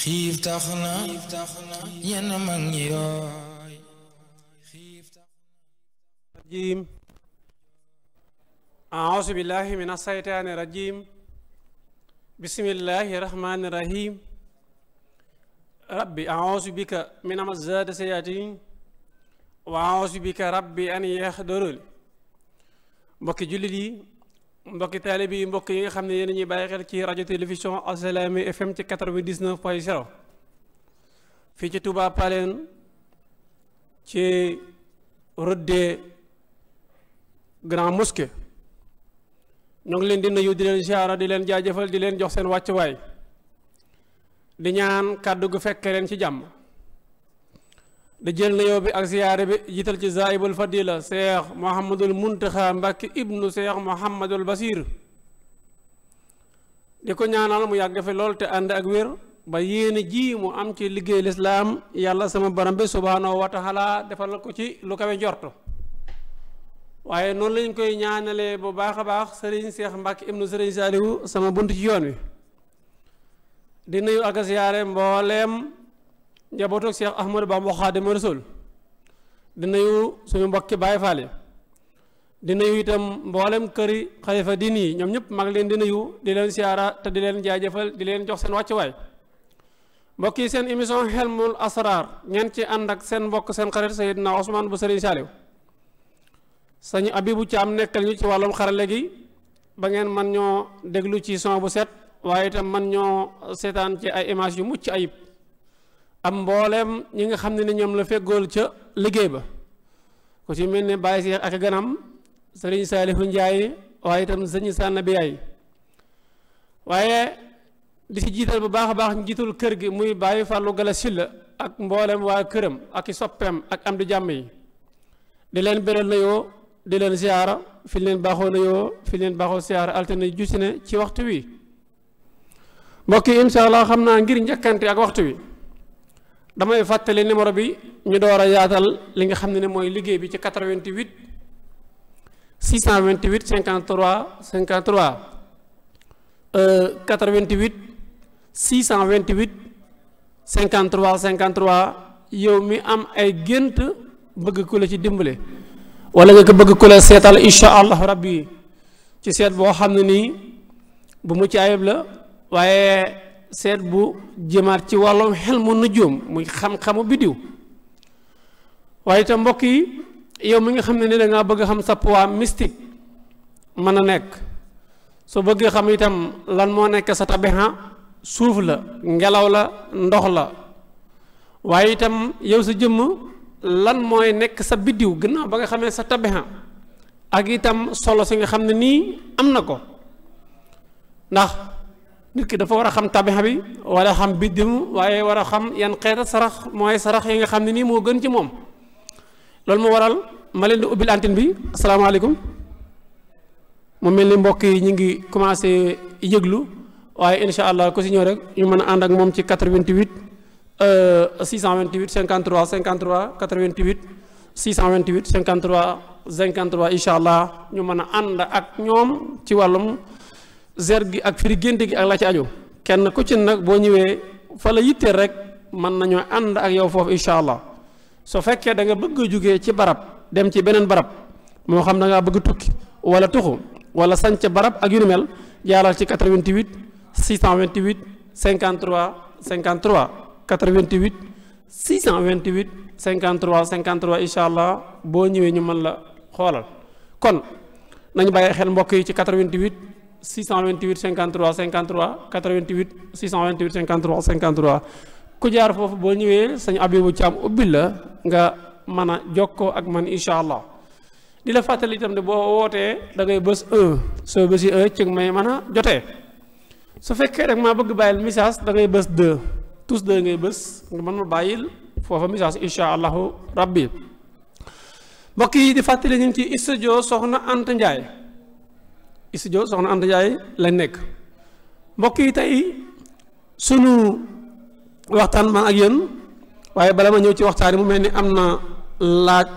xiif tax na yenn mag ñi yooy rajim aawuzu billahi min asaytaani rajim bismillahi rahmaani rahim rabbi aawuzu bika min amazaati sayaatin wa aawuzu rabbi an yaxdurul mbokki jullit yi mbokki taalibe yi mbokk yi nga xam ne yéen ñuy bàyyi xel ci rajo télévision Assalaamy FM ci 99 point 0 fii ci Touba Paleen ci route des Grandes Mosquées ñoo ngi leen di nuyu di leen ziara di leen jaajëfal di leen jox seen wàccuwaay di ñaan kàddu gu fekke leen ci jàmm da jël na yow bi ak siyaare bi jiital ci zaibul fadila cheikh mohamadul muntaxa mbàkke ibnu cheikh mohamadul basir di ko ñaanal mu yàgg fi lool te ànd ak wér ba yéene ji mu am ci liggéey lislaam yàlla sama baram bi subhaanahu wa taala defal ko ci lu kawe njorto waaye noonu lañ koy ñaanale bu baax a baax sëriñ Cheikh Mbacke ibnu sëriñ Saliou sama bunt ci yoon wi di nuyu ak siyaare mbooleem njabootu ak Cheikh Ahmadou Bamba Xaadimu Rasuul di nuyu suñu mbokki Baay Faal yi di nuyu itam mboolem këri xalifa diin yi ñoom ñëpp mag leen di nuyu di leen siyaara te di leen jaajëfal di leen jox seen wàccuwaay mbokk yi seen émission Hilmul Asraar ngeen ci ànd ak seen mbokk seen xarit Seydina Ousmane bu Serigne Saliou sañu Abibu Caam nekkal ñu ci wàllum xarale gi ba ngeen man ñoo déglu ci son bu set waaye itam man ñoo seetaan ci ay image yu mucc ayib am mbooleem ñi nga xam ne ne ñoom la feggool ca liggéey ba ku ci mel ne Baye Cheikh ak ganam sëriñ Saalihu Njaay waaye itam sëñ Sànna bi yaay waaye di si jiital bu baax a baax njiitul kër gi muy bàyyi Fallou Gala Silla ak mbooleem waa këram ak i soppeem ak am di jàmm yi di leen beral na yoo di leen siyaara fi leen baaxoo na yoo fi leen baaxoo siyaara altine jusine ci waxtu wi mbokk yi incha xam naa ngir njëkkante ak waxtu wi damay fàttali numéro bi ñu door a yaatal li nga xam ne mooy liggéey bi ci 88 628 53 53 88 628 53 53 yow mi am ay gént bëgg ku ci dimbale wala nga ko bëgg ku la seetal incha allahu rabbi ci seet boo xam ne nii bu mucc ayib la waaye. seet bu jëmaat ci wàllu xel mu nujum muy xam-xamu biddiw waaye itam mbokk yi yow mi nga xam ne ni da ngaa bëgg xam sa poids mystique mën a nekk soo bëggee xam itam lan moo nekk sa tabixa suuf la ngelaw la ndox la waaye itam yow sa jëmm lan mooy nekk sa biddiw gannaaw ba nga xamee sa tabixa ak itam solo si nga xam ne nii am na ko ndax nit ki dafa war a xam tabixa bi wala xam biddim waaye war a xam yan xeeta sarax mooy sarax yi nga xam ne nii moo gën ci moom loolu mu waral ma leen di ubbil antenne bi asalaamaaleykum mu mel ni mbokk yi ñu ngi commencé yëglu waaye incha allah ku si ñëw rek ñu mën a ànd ak moom ci 88 628 53 53 88 628 53 53 incha allah ñu mën a ànd ak ñoom ci wàllum. zer gi ak firi gént gi ak la ci ajo kenn ku ci nag boo ñëwee fa la yitteel rek mën nañoo ànd ak yow foofu incha allah su fekkee da nga bëgg a jugee ci barab dem ci beneen barab moo xam da ngaa bëgg tukki wala tuxu wala sanc barab ak yu ni mel jaalal ci 88 628 53 53 88 628 53 53 incha allah boo ñëwee ñu mën la xoolal kon nañu bàyyi xel mbokk yi ci 88. 628 53 53 88 628 53 53 ku jaar foofu boo ñëwee sañ Abibu Caam ubbi la nga mën a jokkoo ak man incha allah di la fàttali itam ne boo wootee da ngay bës 1 soo bësi 1 ci may mën a jotee su fekkee rek maa bëgg bàyyil missage da ngay bës 2 tous de ngay bës nga mën ma bàyyil foofa message incha allahu rabbi mbokk yi di fàttali ñu ngi ci studio soxna ent Ndiaye studio soxna Anta Ndiaye lañ nekk mbokk yi tey sunu waxtaan man ak yéen waaye bala ma ñëw ci waxtaan yi mu mel ni am na laaj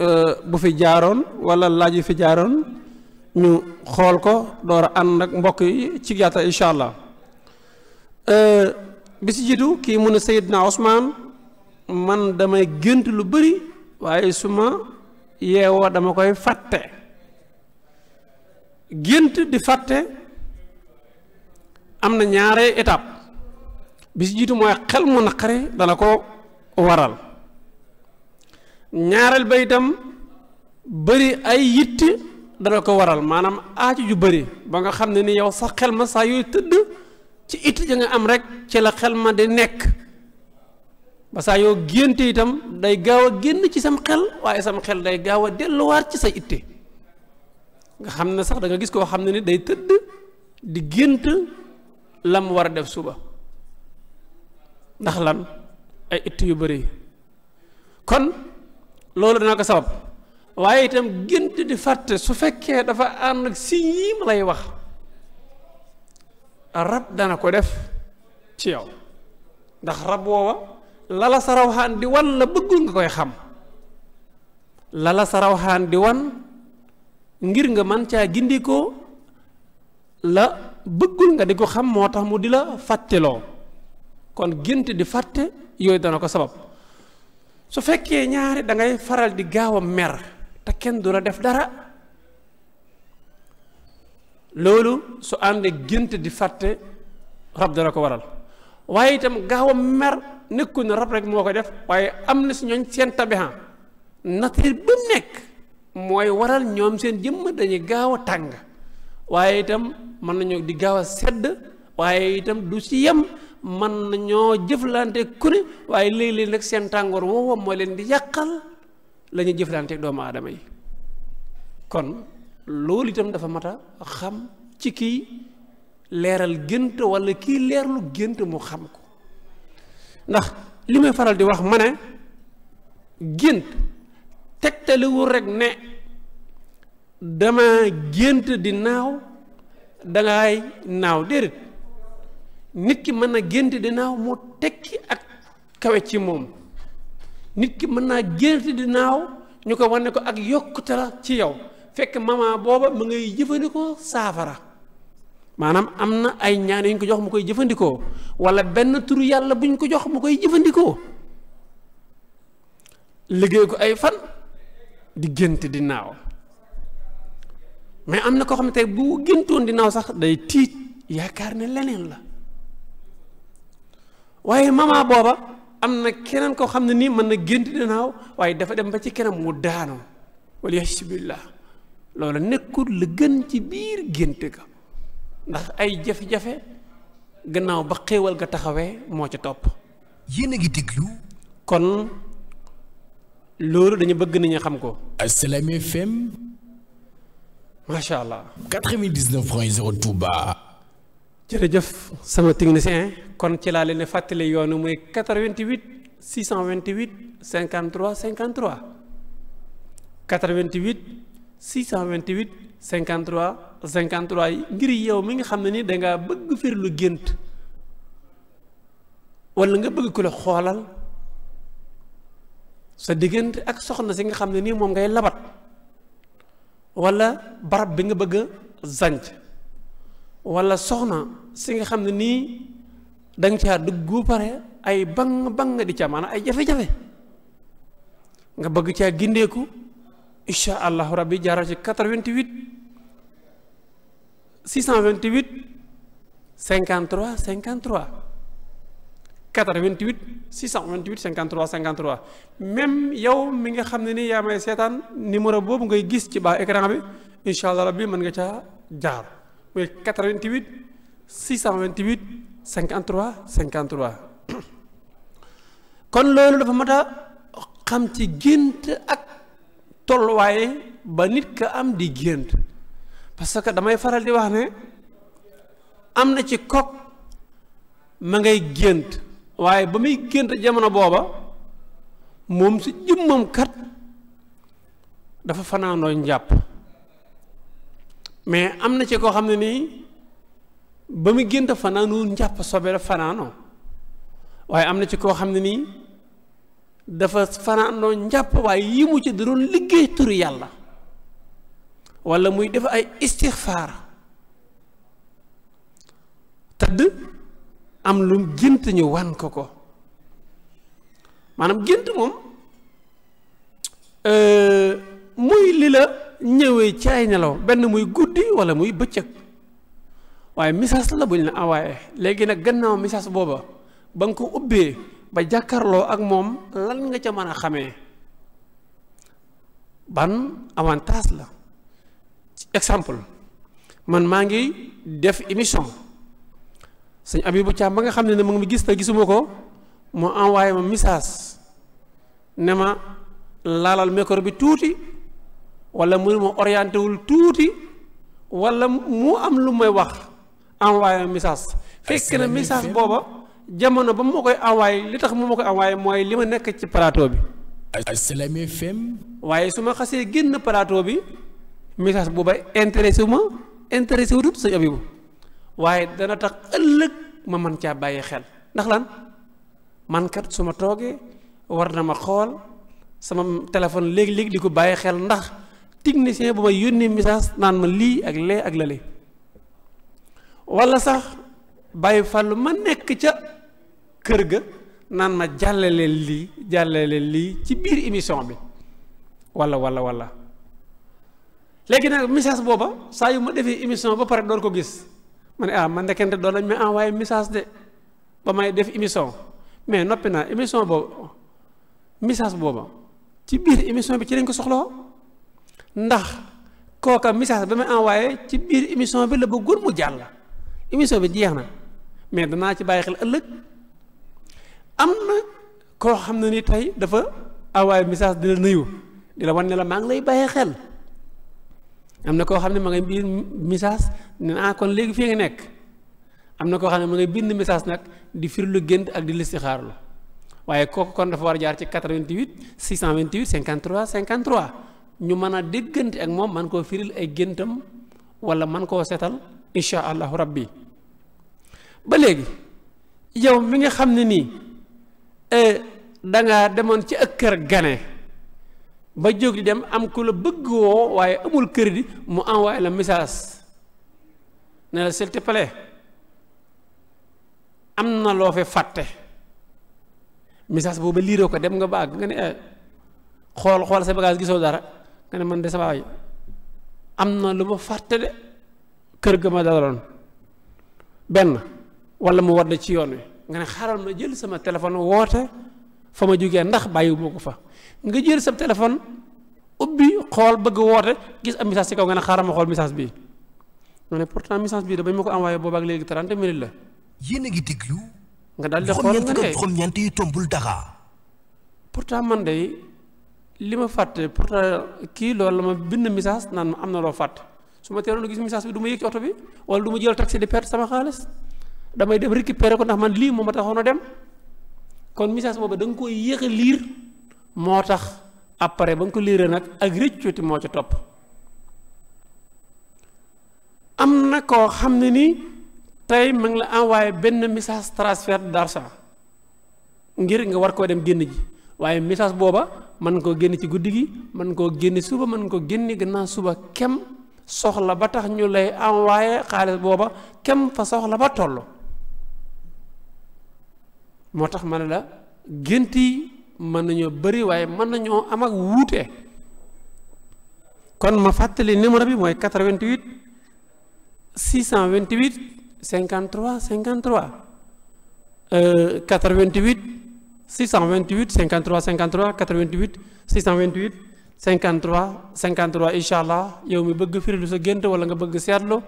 euh, bu fi jaaroon wala laaj yu fi jaaroon ñu xool ko door a ànd ak mbokk yi ci gàttal incha allah euh, bi si jiitu kii mu ne Seydina Ousmane man damay gént lu bëri waaye su ma yeewoo dama koy fàtte gént di fàtte am na ñaare étape bi si mooy xel mu naqari dana ko waral ñaareel ba itam bëri ay yitti dana ko waral maanaam aaju ju bari ba nga xam ne ni yow sax xel ma saa yooyu tëdd ci it ja nga am rek ci la xel ma di nekk ba saa yoo génte itam day gaaw a génn ci sam xel waaye sam xel day gaaw a delluwaat ci sa itte nga xam ne sax danga gis koo xam ne ni day tëdd di gént mu war a def suba ndax lan ay itti yu bëri kon loolu dana ko sabab waaye itam gént di fàtte su fekkee dafa ànd ak si yii ma lay wax rab dana ko def ci yow ndax rab woowa lala sa rawxaan di wan la bëggul nga koy xam lala sa rawxaan di wan ngir nga man caa gindikoo la bëggul nga di ko xam moo tax mu di la fàtteloo kon gént di fàtte yooyu dana ko sabab su fekkee ñaari da ngay faral di gaaw a mer te kenn du la def dara loolu su àndee gént di fàtte rab dana ko waral waaye itam gaaw a mer nekkul ne rab rek moo ko def waaye am na si ñooñ seen tabihan nature bu nekk mooy waral ñoom seen jëmm dañuy gaaw a tàng waaye itam mën nañoo di gaaw a sedd waaye itam du si yem mën nañoo jëflante ku ne waaye léeg-léeg nag seen tàngoor woowa mooy leen di yàqal la ñuy jëflante doomu aadama yi kon loolu itam dafa mat a xam ci kii leeral gént walla kii leerlu gént mu xam ko ndax li may faral di wax ma ne gént tegtaliwul rek ne dama gént di naaw dangay naaw déedéet nit ki mën na gént di naaw moo tekki ak kawe ci moom nit ki mën naa gént di naaw ñu ko wane ko ak yokkute la ci yow fekk mama booba mu ngay jëfandikoo saafara maanaam am na ay ñaan yu ñu ko jox mu koy jëfandikoo wala benn turu yàlla bu ñu ko jox mu koy jëfandikoo liggéey ko ay fan di gént di naaw mais am na koo xam ne tey bu géntoon di naaw sax day tiit yaakaar ne leneen la waaye mama booba am na keneen koo xam ne nii mën na gént di naaw waaye dafa dem ba ci kanam mu daanu wala yasubillah loolu nekkul la gën ci biir gént ga ndax ay jafe-jafe gannaaw ba xéewal ga taxawee moo ca topp yéen a ngi kon loolu dañu bëgg nañu xam ko. Assalaamy FM. macha allah. 99 point 0 Touba. jërëjëf sama technicien kon ci laa leen di fàttali yoonu muy 88 628 53 53 88 628 53 53 yi ngir yow mi nga xam ne ni dangaa ngaa bëgg firlu gént wala nga bëgg ko la xoolal. sa diggante ak soxna si nga xam ne nii moom ngay labat wala barab bi nga bëgg a sanc wala soxna si nga xam ne nii danga caa dugg pare ay bang bang di ca maanaam ay jafe-jafe nga bëgg caa gindeeku incha allahu rabbi jaaral ci 88 628 53 53 88 628 53 53 même yow mi nga xam ne ni yaa may seetaan numéro boobu ngay gis ci baa écran bi incha allah rabbi mën nga caa jaar muy 88 628 53 53. kon loolu dafa mat a xam ci gént ak tolluwaay ba nit ka am di gént parce que damay faral di wax ne am na ci kok ma ngay gént. waaye ba muy gént jamono booba moom si jëmmam kat dafa fanaanoo njàpp mais am na ci koo xam ne nii ba muy gént fanaanoo njàpp sobe la fanaanoo waaye am na ci koo xam ne nii dafa fanaanoo njàpp waaye yi mu ci da doon liggéey turu yàlla wala muy def ay istixfaar tëdd am lu gént ñu wan ko ko maanaam gént moom euh, muy lii la ñëwee ci nelaw benn muy guddi wala muy bëccëg waaye message la bu ñu la envoyé léegi nag gannaaw message booba ba nga ko ubbee ba jàkkarloo ak moom lan nga ca mën a xamee ban avantage la exemple man maa ngi def émission sëñ Abibou Thiam ba nga xam ne ne mu ngi gis te gisuma ko mu envoyé ma message ne ma laalal micro bi tuuti wala mu ma orienté wul tuuti wala mu am lu may wax envoyé ma message. fekk na message booba jamono ba ma koy envoyé li tax mu ma koy envoyé mooy li ma nekk ci plateau bi. Assalaamy FM. waaye su ma xasee génn plateau bi message booba intéressé wu ma intéressé wu tut waaye dana tax ëllëg ma man caa bàyyi xel ndax lan mankat su ma toogee war na ma xool sama téléphone léeg-léeg di ko bàyyi xel ndax technicien bu may yónnee message naan ma lii ak lee ak lale wala sax bàyyi fàllu ma nekk ca kër ga naan ma jàllale lii jàllale lii ci biir émission bi wala wala walla léegi nag message booba saa yu ma defee émission ba pare door ko gis ma ne ah man ndekente doon lañ may envoyé message de ba may def émission mais noppi naa émission boobu message booba ci biir émission bi ci lañ ko soxloo ndax kooka message ba may envoyé ci émission bi la bëggoon mu jàll émission bi jeex na mais danaa ci bàyyi xel ëllëg am na koo xam ne ni tey dafa envoyé message di la nuyu di la wan maa ngi lay bàyyi xel am na koo xam ne ma ngay biir message ne ah kon léegi fii ngi nekk am na koo xam ne mu ngay bind message nag di firlu gént ak di listixaarlu waaye kooku kon dafa war a jaar ci 88 628 53 53 ñu mën a déggante ak moom man koo firil ay géntam wala man koo setal incha allahu rabbi ba léegi yow mi nga xam ne nii eh, danga demoon ci ak kër gane ba jóg di dem am ku la bëgg woo waaye amul kër crédit mu envoyé la message ne la s'il am na loo fi fàtte message boobu liiroo ko dem nga baag nga ne eh, xool xool sa bagage gisoo dara nga ne man de sa waay am na lu ma fàtte de kër ga ma daloon benn wala mu wadd ci yoon wi nga ne xaaral ma jël sama téléphone woote fa ma jógee ndax bàyyiwuma ko fa nga jël sa téléphone ubbi xool bëgg woote gis am message ci kaw nga ne xaaral ma xool message bii ma ne pourtant message bii da bañ ma ko envoyé boobaak léegi 30 minutes la. yéen a ngi déglu. nga daal di xool nga ne xool ñeent yi tombul dara. pourtant man de li ma fàtte pourtant kii loolu la ma bind message naan am na loo fàtte su ma teeloon a gis message bi ma yëg oto bi wala du ma jël taxi di perte sama xaalis damay dem récupérer ko ndax man lii moo taxoon a dem kon missage boobu danga koy yéex a liir moo tax après ba nga ko liiree nag ak rëccuti moo ci topp. am na koo xam ne nii tey ma ngi la envoyé benn message transfert d'argent ngir nga war koo dem génn ji waaye message booba mën koo génne ci guddi gi mën koo génne suba mën koo génn gannaaw suba kem soxla ba tax ñu lay envoyé xaalis booba kem fa soxla ba toll moo tax ma ne la gént yi mën nañoo bari waaye mën nañoo am ak wuute kon ma fàttali numéro bi mooy 88 628 53 53 euh, 88 628 53 53 88 628 53 53 incha allah yow mi bëgg firilu sa gént wala nga bëgg seetlu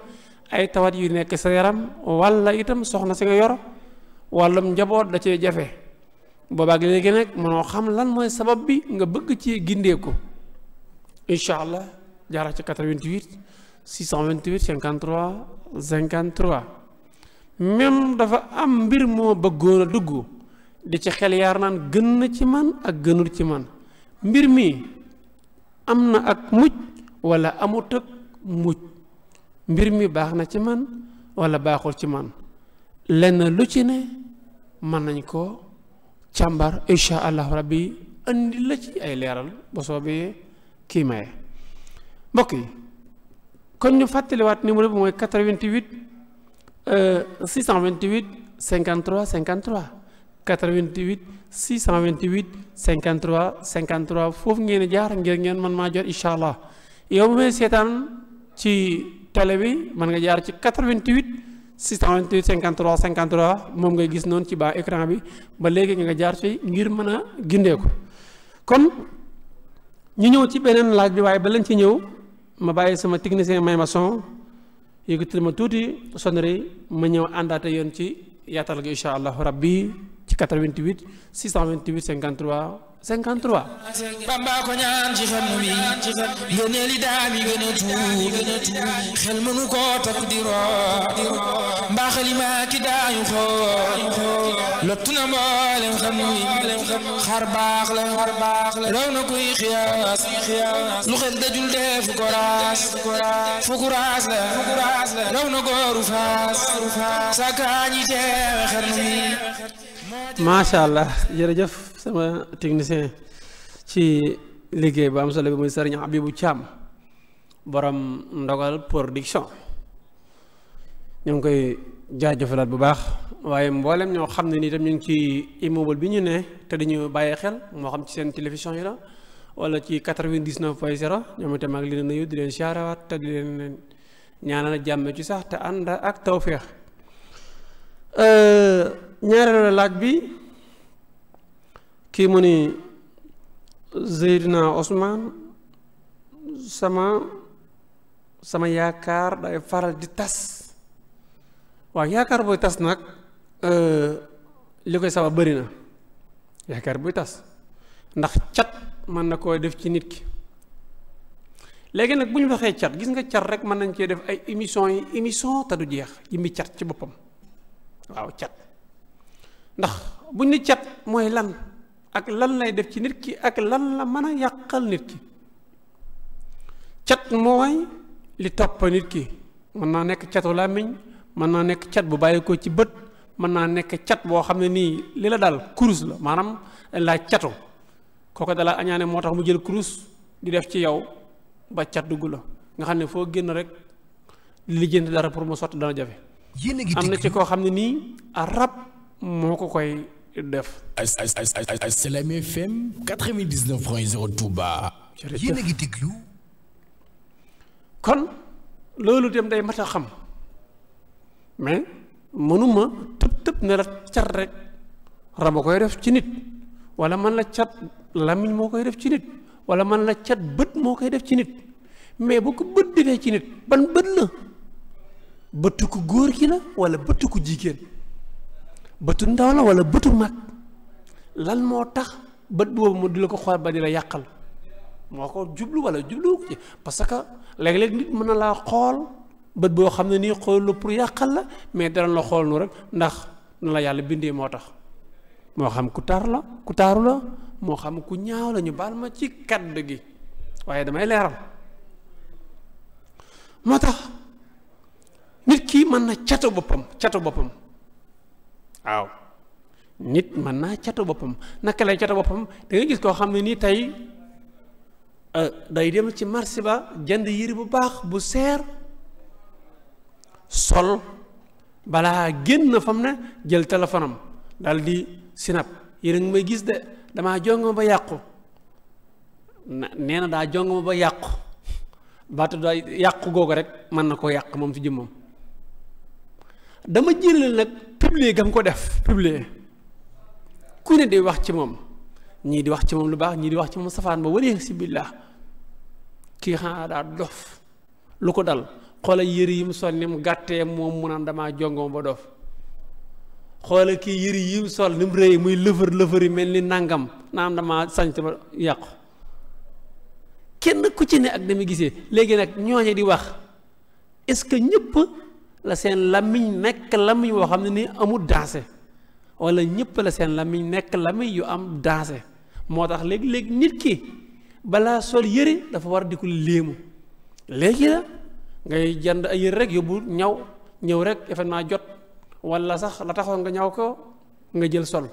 ay tawat yu nekk sa yaram wala itam soxna si nga yor wàllum njaboot da cee jafe boobaag léegi nag mënoo xam lan mooy sabab bi nga bëgg ci gindee ko incha allah jaara ci 88 628 53 53 même dafa am mbir moo bëggoon a dugg di ci xel yaar naan gën na ci man ak gënul ci man mbir mi am na ak mujj walla amut ak mujj mbir mi baax na ci man wala baaxul ci man lenn lu ci ne mën nañ ko càmbar incha allahu bi indi la ci ay leeral ba soobee kii maye mbokk yi kon ñu fàttaliwaat numéro bi mooy 88 628 53 53 88 628 53 53 foofu ngeen di jaar ngir ngeen mën maa jot incha allah yow bu may seetaan ci télé bi mën nga jaar ci 88 628 53 53 moom ngay gis noonu ci baa écran bi ba léegi nga jaar ci ngir mën a gindeeku kon ñu ñëw ci beneen laaj bi waaye ba lañ ci ñëw. ma bàyyi sama technicien may ma son yëkkatil ma tuuti sonnerie ma ñëw àndaate yoon ci yaatal gi allah rab bi ci 88 628 53 53. Bamba ko ñaan ci xel mi gënee li daam yi ko takk di roo mbaaxalima ki daayu xool lottu na mboolem xam yi xar la raw na kuy xiyaas lu xel dajul def ko raas fu ku raas la raw na gooru faas saakaañi teewe xel macha allah jërëjëf sama technicien ci liggéey bu am solo bi muy sëriñ Habibou Thiam borom ndogal production ñu ngi koy jaajëfalaat bu baax waaye mboolem ñoo xam ne nii tam ñu ngi ci immeuble bi ñu ne te di dañu bàyyi xel moo xam ci seen télévision yi la wala ci 99 point 0 ñoom itam ak li leen nuyu di leen siyaarawaat te di leen ñaanal jàmm ci sax te ànd ak tawféex. Euh, ñaareelu laaj bi kii mu ni Seydina Ousmane sama sama yaakaar day faral di tas waaw yaakaar booy tas nag eh, li koy sabab bari na yaakaar buy tas ndax cat mën na koo def ci nit ki léegi nag bu ñu waxee cat gis nga cat rek mën nañ cee def ay émission yi émission te du jeex yi mi cat ci boppam waaw cat ndax buñ ni cat mooy lan ak lan lay def ci nit ki ak lan la mën a yàqal nit ki cat mooy li topp nit ki mën naa nekk catu làmmiñ mën naa nekk cat bu bàyyi ko ci bët mën naa nekk cat boo xam ne nii li la daal kurus la maanaam laa catu kooko dalaa añaane moo tax mu jël kurus di def ci yow ba cat dugg la nga xam ne foo génn rek lijjanti dara pour mu sotti dana jafe am na ci koo xam ne nii a rab moo ko koy def. a Assalaam FM 99 point 0 Touba. yéen gi ngi yu kon loolu dem day mat a xam mais mënuma tëb tëb ne la cat rek rab koy def ci nit wala man la cat lamiñ moo koy def ci nit wala man la cat bët moo koy def ci nit mais bu ko bët defee ci nit ban bët la bëtt ku góor ki la wala bëtt ku jigéen. bëtu ndaw la wala bëtu mag lan moo tax bët boobu mu di la ko xool ba di la yàqal moo ko jublu wala jublu ci parce que léeg-léeg nit mën na laa xool bët boo xam ne nii xoolu pour yàqal la mais dara la xool rek ndax na la yàlla bindee moo tax moo xam ku taar la ku taaru la moo xam ku ñaaw lañu ñu baal ma ci kadd gi waaye damay leeram moo tax nit kii mën na catu boppam catu boppam waaw nit mën naa catu boppam naka lay catu boppam da gis koo xam ne nii tey euh, day dem ci marché ba jënd yére bu baax bu seer sol balaa génn fam ne jël téléphone daldi dal di sinap yére nga may gis de damaa jongoma ba yàqu nee na daa jongoma ba yàqu baatu daa yàqu googu rek mën na koo yàq moom ci jëmmam dama jëlal nag publier gam ko def publier ku ne di wax ci moom ñii di wax ci moom lu baax ñii di wax ci moom safaan ba waree si billah kii xanaa daa dof lu ko dal xoola yére yi mu sol ni mu gàttee moom mu naan damaa ba dof xoola kii yëre yi sol ni muy lëfër lëfër yi mel ni nangam naan damaa sañc ba yàqu kenn ku ci ne ak dama gisee léegi nag ñooñe di wax est-ce que ñëpp la seen làmmiñ nekk làmmiñ woo xam ne ni amul dansé wala ñëpp la seen làmmiñ nekk làmmiñ yu am daase moo tax léegi léeg nit ki balaa sol yëre dafa war di ko léemu léegi la ngay jënd ay yére rek yóbbu ñaw ñëw rek événement jot wala sax la taxoon nga ñaw ko nga jël sol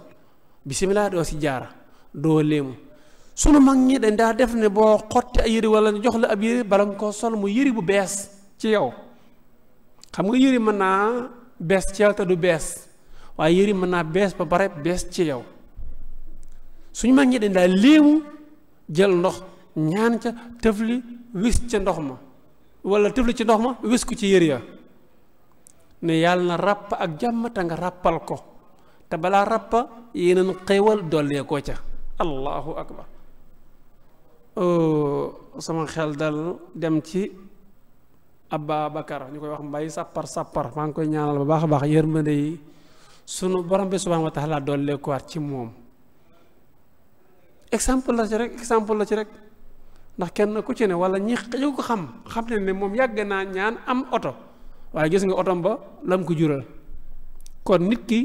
bisimilah doo si jaara doo léemu sunu mag ñi dañ daa def ne boo xotti ay yëre wala jox la ab yére bala nga ko sol mu yére bu bees ci yow xam nga yére mën naa bees ci yow te du bees waaye yëri mën naa bees ba pare bees ci yow suñu mag ñi dañ daal léemu jël ndox ñaan ca tëfli wis ca ndox ma wala tëfli ci ndox ma wis ko ci yëri ya ne yàlla na ràpp ak jàmm te nga ràppal ko te balaa ràppa yeneen xéewal dollee ko ca allahu akbar oh, sama xel dal dem ci Abba Bakar ñu koy wax mbay sàppar sàppar maa ngi koy ñaanal bu baax a baax yërmande yi sunu borom bi ma tax laa dool lekkuwaat ci moom exemple la ci rek exemple la ci rek ndax kenn ku ci ne wala ñi ñu ko xam xam ne ni moom yàgg naa ñaan am oto waaye gis nga otom ba lam ko jural kon nit ki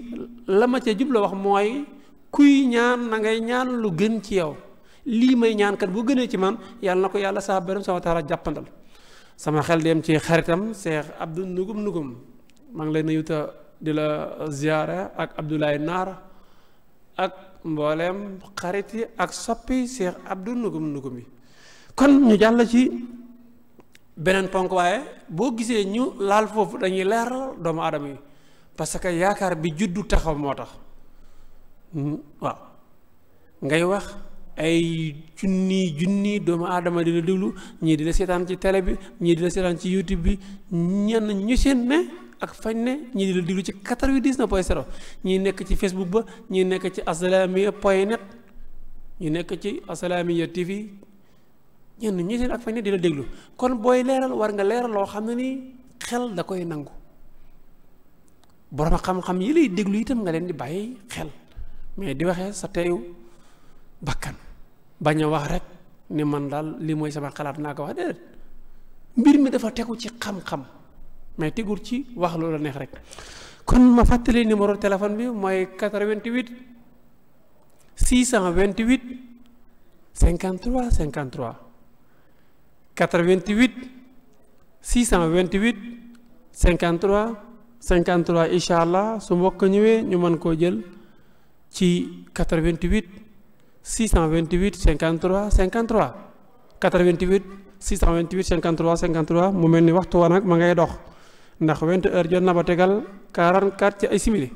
la ma cee jubla wax mooy kuy ñaan na ngay ñaan lu gën ci yow lii may ñaan boo gënee ci man yàlla na ko yàlla saa borom subhaanahu wa taala jàppandal sama xel dem ci xaritam Cheikh Abdou Nugum Nugum maa ngi lay nuyu di la ziyaara ak Abdoulaye Naar ak mbooleem xarit yi ak soppi Cheikh Abdou Nugum Nugum yi kon ñu jàll ci beneen ponk waaye boo gisee ñu laal foofu dañuy leeral doomu aadama yi parce que yaakaar bi juddu taxaw moo tax hmm, waaw ngay wax ay junni junni doomu aadama di la déglu ñii di la seetaan ci télé bi ñii di la seetaan ci youtube bi ñenn ñu seen ne ak fañ ne ñii di la ci quatre-vingt-dix-neuf point zéro ñii nekk ci facebook ba ñii nekk ci assalaamiya point net ñu nekk ci assalaamiya tv ñenn ñu seen ak fañ ne di déglu kon booy leeral war nga leeral loo xam ne nii xel da koy nangu borom xam-xam yi lay déglu itam nga leen di bàyyi xel mais di waxee sa teeyu bakkan bañ a wax rek ni man daal li mooy sama xalaat naa ko wax déedéet mbir mi dafa tegu ci xam-xam mais tegul ci wax loola neex rek kon ma fàttali numéro téléphone bi mooy 88 628 53 53 88 628 53 53 incha allah su mbokk ñëwee ñu mën koo jël ci 88. vingt 628 53 53 88 628 53 53 mu mel ni waxtu wa ma ngay dox ndax 20 heure jot na ba tegal 44 ci ay simili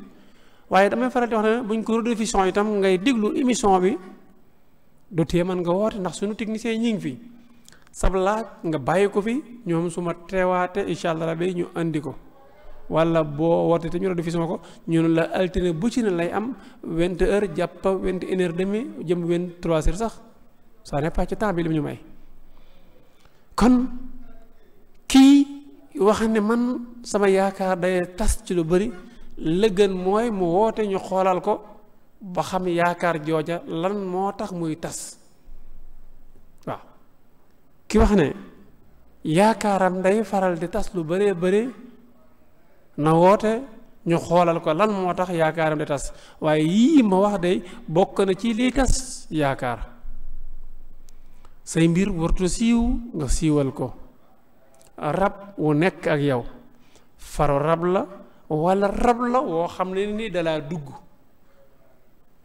waaye damay faral di wax ne buñ ko rediffusion itam ngay déglu émission bi du tee mën nga woote ndax suñu technicien ñi ngi fi sab nga bàyyi ko fi ñoom suma teewaate incha allah rabi ñu indi ko. walla boo woote te ñu rajo fisuma ko ñu ne la altine bu ci ne lay am vingt heures jàpp vingt une heure demi jëm vingt trois heures sax ça n'est pas ci temps bi lim ñu may kon kii wax ne man sama yaakaar day tas ci lu bari la gën mooy mu woote ñu xoolal ko ba xam yaakaar jooja lan moo tax muy tas waaw ki wax ne yaakaaram day faral di tas lu bëree bari na woote ñu xoolal ko lan moo tax yaakaaram di tas waaye yii ma wax de bokk na ci lii tas yaakaar say mbir wartu siiw nga siiwal ko rab wu nekk ak yow faru rab la walla rab la woo xam ne ni dalaa dugg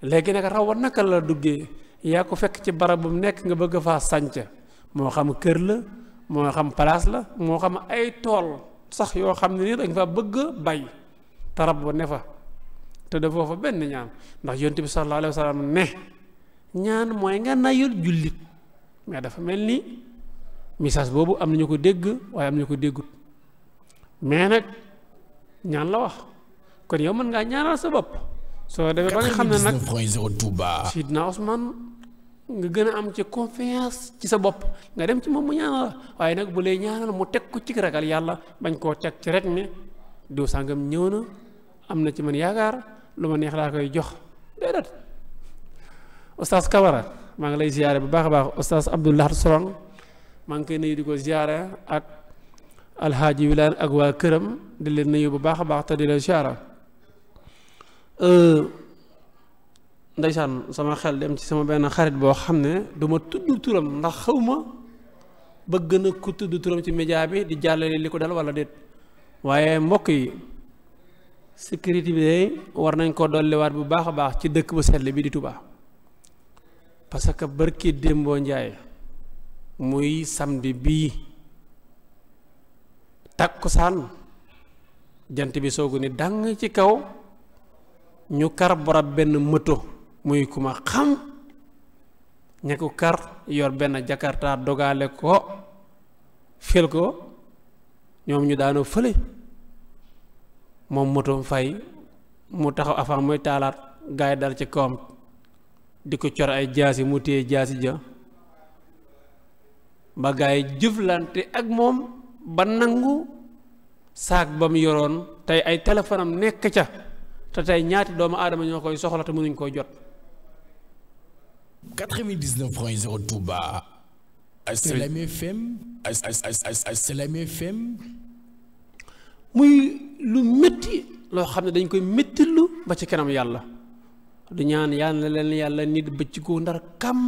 léegi nag raw wa naka la duggee yaa ko fekk ci barab bu nekk nga bëgg faa sànc moo xam kër la moo xam palaas la moo xam ay tool sax yoo xam ne nii dañ fa bëgg a bay tarab rab ba ne fa te defoo fa benn ñaan ndax yonent bi sallallahu alayhi wa sallam ne ñaan mooy nga nayul jullit mais dafa mel ni message boobu am na ñu ko dégg waaye am na ñu ko déggut mais nag ñaan la wax kon yow mën ngaa ñaanal sa bopp soo demee ba nga xam ne nag Sidna Ousmane nga gën a am ci confiance ci sa bopp nga dem ci moom mu ñaanal waaye nag bu lay ñaanal mu teg ko ci ragal yàlla bañ koo teg ci rek ne diw sàngam ñëw na am na ci man yaakaar lu ma neex laa koy jox déedéet oustaz Kabara maa ngi lay ziare bu baax a baax oustaz Abdoulaye Sorong maa ngi koy nuyu di ko ziare ak alxaaji Wilane ak waa këram di leen nuyu bu baax a baax te di leen ziare euh, ndeysaan sama xel dem ci sama benn xarit boo xam ne du tudd turam ndax xaw ma bëgg na ku tudd turam ci média bi di jàllale li ko dal wala déet waaye mbokk yi sécurité bi day war nañ koo dolliwaat bu baax a baax ci dëkk bu sell bi di tubaa parce que barki démboo njaay muy samedi bii takkusaan jant bi soogu ni dàng ci kaw ñu kar borab benn moto muy ku ma xam ña ko kar yor benn jakarta dogale ko fel ko ñoom ñu daanoo fële moom motoom fay mu taxaw afan muy taalaat gaa yi ci kawam di ko cor ay jaasi mu téye jaasi ja ba gaa yi jëflante ak moom ba nangu saak ba mu yoroon tey ay téléphone am nekk ca te tey ñaati doomu aadama ñoo koy soxla te mënuñ koo jot 99 point 0 Touba. Assalaamy FM. Assalaamy FM. muy lu métti loo xam ne dañ koy méttilu ba ci kanam yàlla du ñaan yàlla leen yàlla nit bëccëgoo ndar kàmm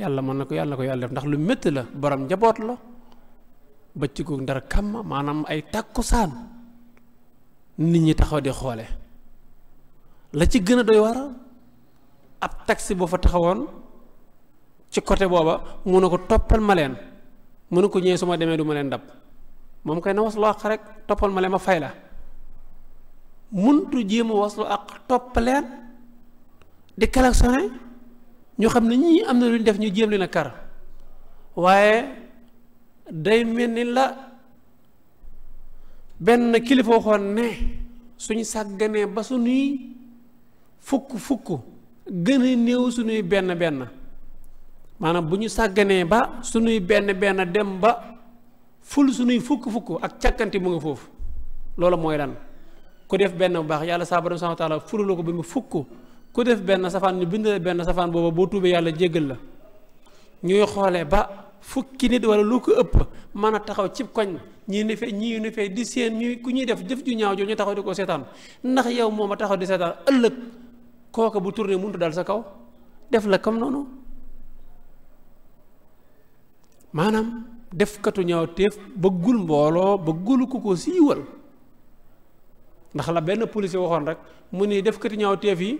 yàlla mën na ko yàlla na ko yàlla def ndax lu métti la borom njaboot la bëccëgoo ndar kàmm maanaam ay tàkkusaan nit ñi taxaw di xoole la ci gën a doy waar ab taxi boo fa taxawoon ci côté booba mu ne ko toppal ma leen mu ne ko ñëwee su ma demee du ma leen dab moom kay na waslu àq rek toppal ma leen ma fay la muntu jéem a waslu àq toppaleen leen di klaxonné ñu xam ne ñii am na luñ def ñu jéem leen a kar waaye day mel ni la benn kilifa waxoon ne suñu sàgganee ba suñuy fukk fukk gën a néew suñuy benn benn maanaam bu ñu sàgganee ba suñuy benn benn dem ba ful suñuy fukk fukk ak càkkanti mu nga foofu loolu mooy lan ku def benn bu baax yàlla saa borom subhaanahu wa taala fulula ko bi mu fukk ku def benn safaan ñu bind la benn safaan booba boo tuubee yàlla jéggal la ñuy xoolee ba fukki nit wala lu ko ëpp mën a taxaw cib koñ ñii ne fee ñii ne fee di séen ñu ku ñuy def jëf ju ñaaw joo ñu taxaw di ko seetaan ndax yow moom a taxaw di seetaan kooka bu tourné muntu dal sa kaw def la kam noonu maanaam defkatu ñaaw téef bëggul mbooloo bëggul ku ko siiwal ndax la benn policier waxoon rek mu ni defkatu ñaaw téef yi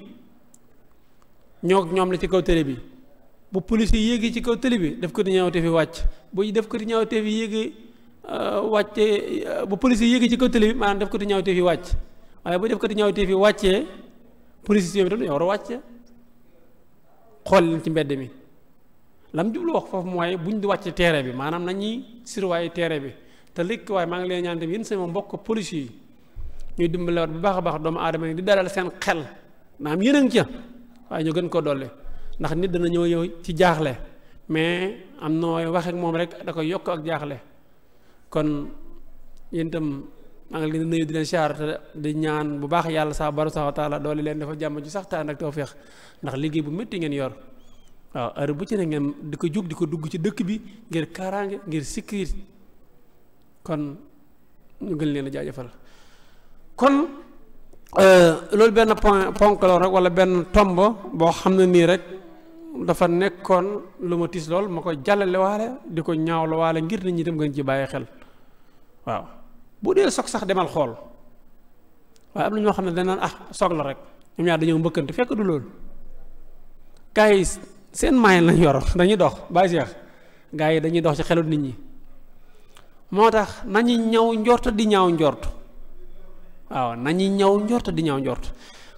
ñoo ñoom la ci kaw télé bi bu policier yéegi ci kaw télé bi defkatu ñaaw téef yi wàcc bu defkatu ñaaw téef yi yéegi euh, wàcce euh, bu policier yéegi ci kaw télé bi maanaam defkatu ñaaw yi wàcc waaye bu defkatu ñaaw téef yi wàccee police yooyu tam dañoo war a wàcc xool leen ci mbedd mi lam jublu wax foofu mooy buñ di wàcc terrain bi maanaam nañuy surveiller terrain bi te léegi waaye maa ngi leen ñaan tamit yéen sama mbokk police yi ñuy dimbalewaat bu baax a baax doomu aadama yi di dalal seen xel maanaam yéen a ngi waaye ñu gën ko dolli ndax nit dana ñëw yow ci jaaxle mais am nooy wax moom rek da koy yokk ak jaaxle kon yéen itam maa ngi leen di nuyu di leen siyaar di ñaan bu baax yàlla saa baru saa taala doole leen dafa jàmm ju saxtaan taan ak feex ndax liggéey bu métti ngeen yor waaw heure bu ci ne ngeen di ko jug di ko dugg ci dëkk bi ngir kaaraange ngir sécurité kon ñu gën leen a jaajëfal kon euh, loolu benn point ponk rek wala benn tomb boo xam ne nii rek dafa nekkoon lu ma tiis lool ma ko jàllale waale di ko ñaawlu waale ngir nit ñi dem gën ci bàyyi xel waaw bu dee soog sax demal xool waaye am na ñoo xam ne danaan ah soog la rekk ñoom ñaar dañoo mbëkkante fekk du loolu gars seen moyen lañ yor dañuy dox bàyyi seex gars yi dañuy dox ci xelu nit ñi moo tax nañu ñaw njort di ñaaw njort waaw nañu ñaw njort di ñaaw njort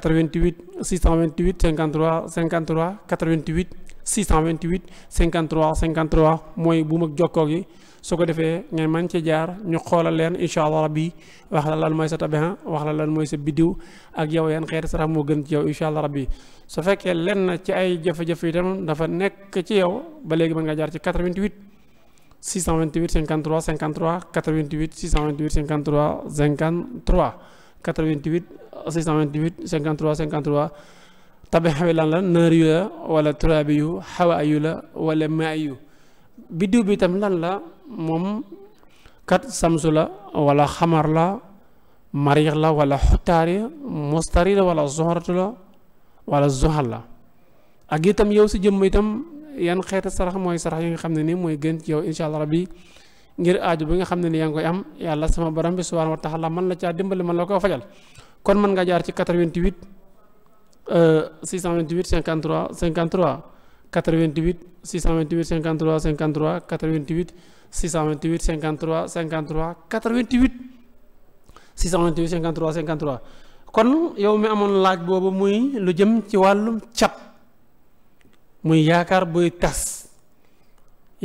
88 628 53 53 88 628 53 53 mooy bu mag jokkoo gi su ko defee ngeen mën ci jaar ñu xoolal leen incha allah rabbi wax la lan mooy sa tabax wax la lan mooy sa biddiw ak yow yan xeeti sarax moo gën ci yow incha allah rabbi su fekkee lenn ci ay jafe yi tam dafa nekk ci yow ba léegi mën nga jaar ci 88 628 53 53 88 628 88 628 53 53 tabe xawi lan la yu wala turaabi yu xawa yu la wala maa biddiw bi itam lan la moom kat samsu la wala xamar la mariix la wala xutaari mostari la wala zoxoratu la wala zoxal la ak tam yow si jëmm itam yan xeeti sarax mooy sarax yi nga xam ne nii mooy gën ci yow incha allah rabbi ngir aaju bi nga xam ne ni yaa ngi koy am yàlla sama borom bi subhaanahu wa taala man la caa dimbali man la koo fajal kon mën nga jaar ci 88 628 53 53 88 628 53 53 88 628 53 53 88 628 53 53 kon yow mi amoon laaj boobu muy lu jëm ci wàllum cat muy yaakaar buy tas